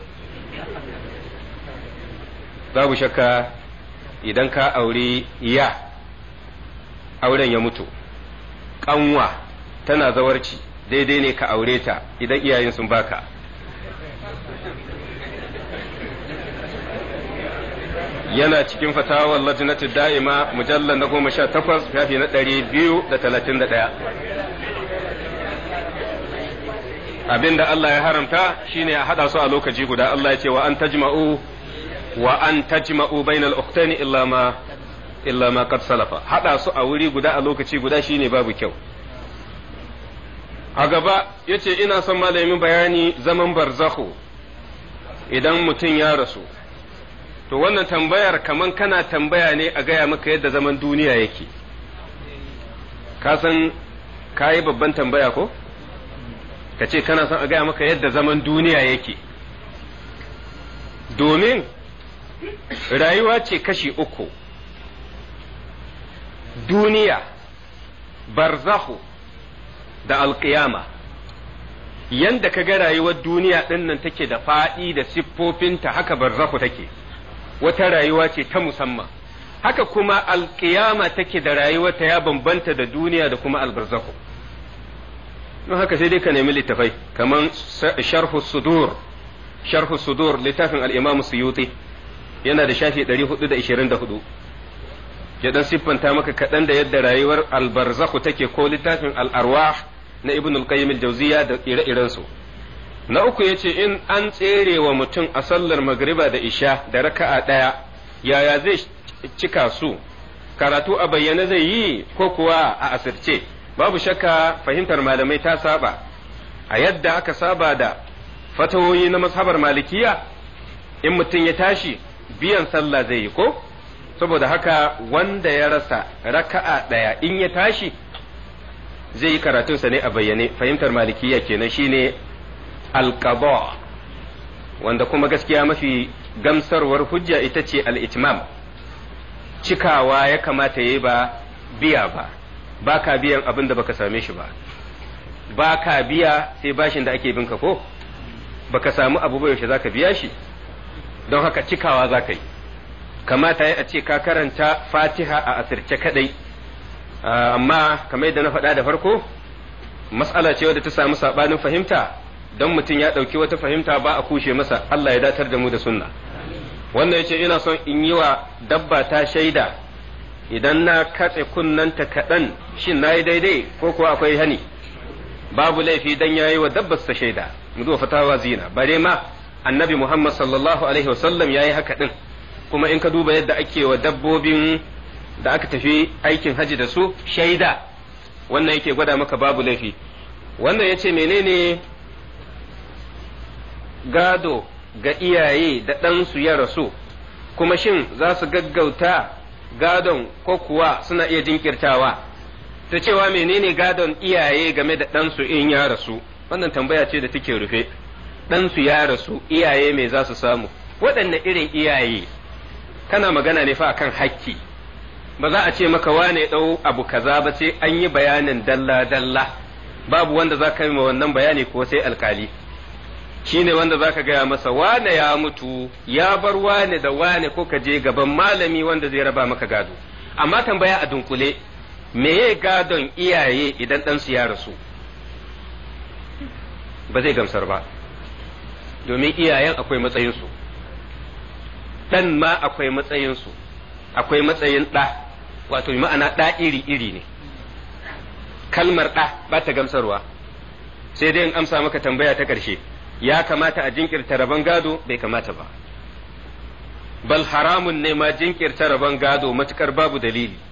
babu shakka idan ka auri ya auren ya mutu kanwa tana zawarci daidai ne ka aure ta idan iyayen sun baka yana cikin fatawar lajinatu da'ima mujallar na goma sha takwas shafi na ɗari biyu da talatin da ɗaya Abin da Allah ya haramta shine a hada su a lokaci guda Allah ya ce wa an tajma'u wa an tajma'u bainal ukhtaini illa ma illa ma qad salafa hada su a wuri guda a lokaci guda shine babu kyau a gaba yace ina son malamin bayani zaman barzakhu idan mutum ya rasu to wannan tambayar kaman kana tambaya ne a gaya maka yadda zaman duniya yake ka san ka yi babban tambaya ko ka ce kana son a gaya maka yadda zaman duniya yake domin rayuwa ce kashi uku duniya barzahu da alkiyama yanda ka ga rayuwar duniya ɗin nan take da faɗi da siffofinta haka barzahu take wata rayuwa ce ta musamman haka kuma alkiyama take da rayuwa ta ya bambanta da duniya da kuma albarzahu don haka sai dai ka nemi littafai kaman sharhu sudur sharhu sudur littafin al-imam suyuti yana da shafi 424 ya dan siffanta maka kaɗan da yadda rayuwar albarzakhu take ko littafin al-arwah na ibn al-qayyim al-jawziya da ire-irensu na uku yace in an tsere wa mutum a sallar magriba da isha da raka'a daya yaya zai cika su karatu a bayyana zai yi ko kuwa a asirce babu shakka fahimtar malamai ta saba a yadda aka saba da fatawoyi na mazhabar malikiya in mutum ya tashi biyan sallah zai yi ko saboda haka wanda ya rasa raka'a daya in ya tashi zai yi karatunsa ne a bayyane fahimtar malikiya kenan shine alqada wanda kuma gaskiya mafi gamsarwar hujja ita ce al-itmam cikawa ya kamata yayi ba biya ba ba ka biyan abin da baka same shi ba ba ka biya sai bashin da ake binka ko baka samu abu ba yaushe zaka biya shi don haka cikawa zaka yi kamata a ce ka karanta fatiha a asirce kadai ah, amma kamar yadda na faɗa da farko mas'ala ce wadda ta samu saɓanin fahimta don mutum ya ɗauki wata fahimta ba a kushe masa Allah ya datar da mu da sunna wannan ya ce ina son in yi wa dabba ta shaida idan na katse kunnanta kaɗan shin na yi daidai ko kuwa akwai hani babu laifi dan yayi wa dabbas ta shaida mu zo fatawa zina bare ma annabi muhammad sallallahu alaihi wasallam yayi haka din kuma in ka duba yadda ake wa dabbobin da aka tafi aikin haji da su shaida wannan yake gwada maka babu laifi wannan yace menene gado ga iyaye da ɗansu ya rasu kuma shin za su gaggauta gadon ko kuwa suna iya jinkirtawa ta cewa menene gadon iyaye game da ɗansu in ya rasu wannan tambaya ce da take rufe ɗansu ya rasu iyaye me za su samu waɗanne irin iyaye kana magana ne fa kan hakki ba za a ce maka wane ɗau abu kaza ba ce an yi bayanin dalla dalla babu wanda za ka yi wannan bayani ko sai alkali Shi ne wanda za ka gaya masa wane ya mutu ya bar wane da wane ko ka je gaban malami wanda zai raba maka gado amma tambaya a dunkule meye gadon iyaye idan ɗansu ya rasu ba zai gamsar ba domin iyayen akwai matsayinsu ɗan ma akwai matsayinsu akwai matsayin ɗa wato ma'ana ɗa iri-iri ne kalmar ɗa ba ta gamsarwa sai dai in amsa maka tambaya ta ƙarshe ya kamata a jinkirta rabon gado bai kamata ba bal haramun ne ma jinkirta rabon gado matukar babu dalili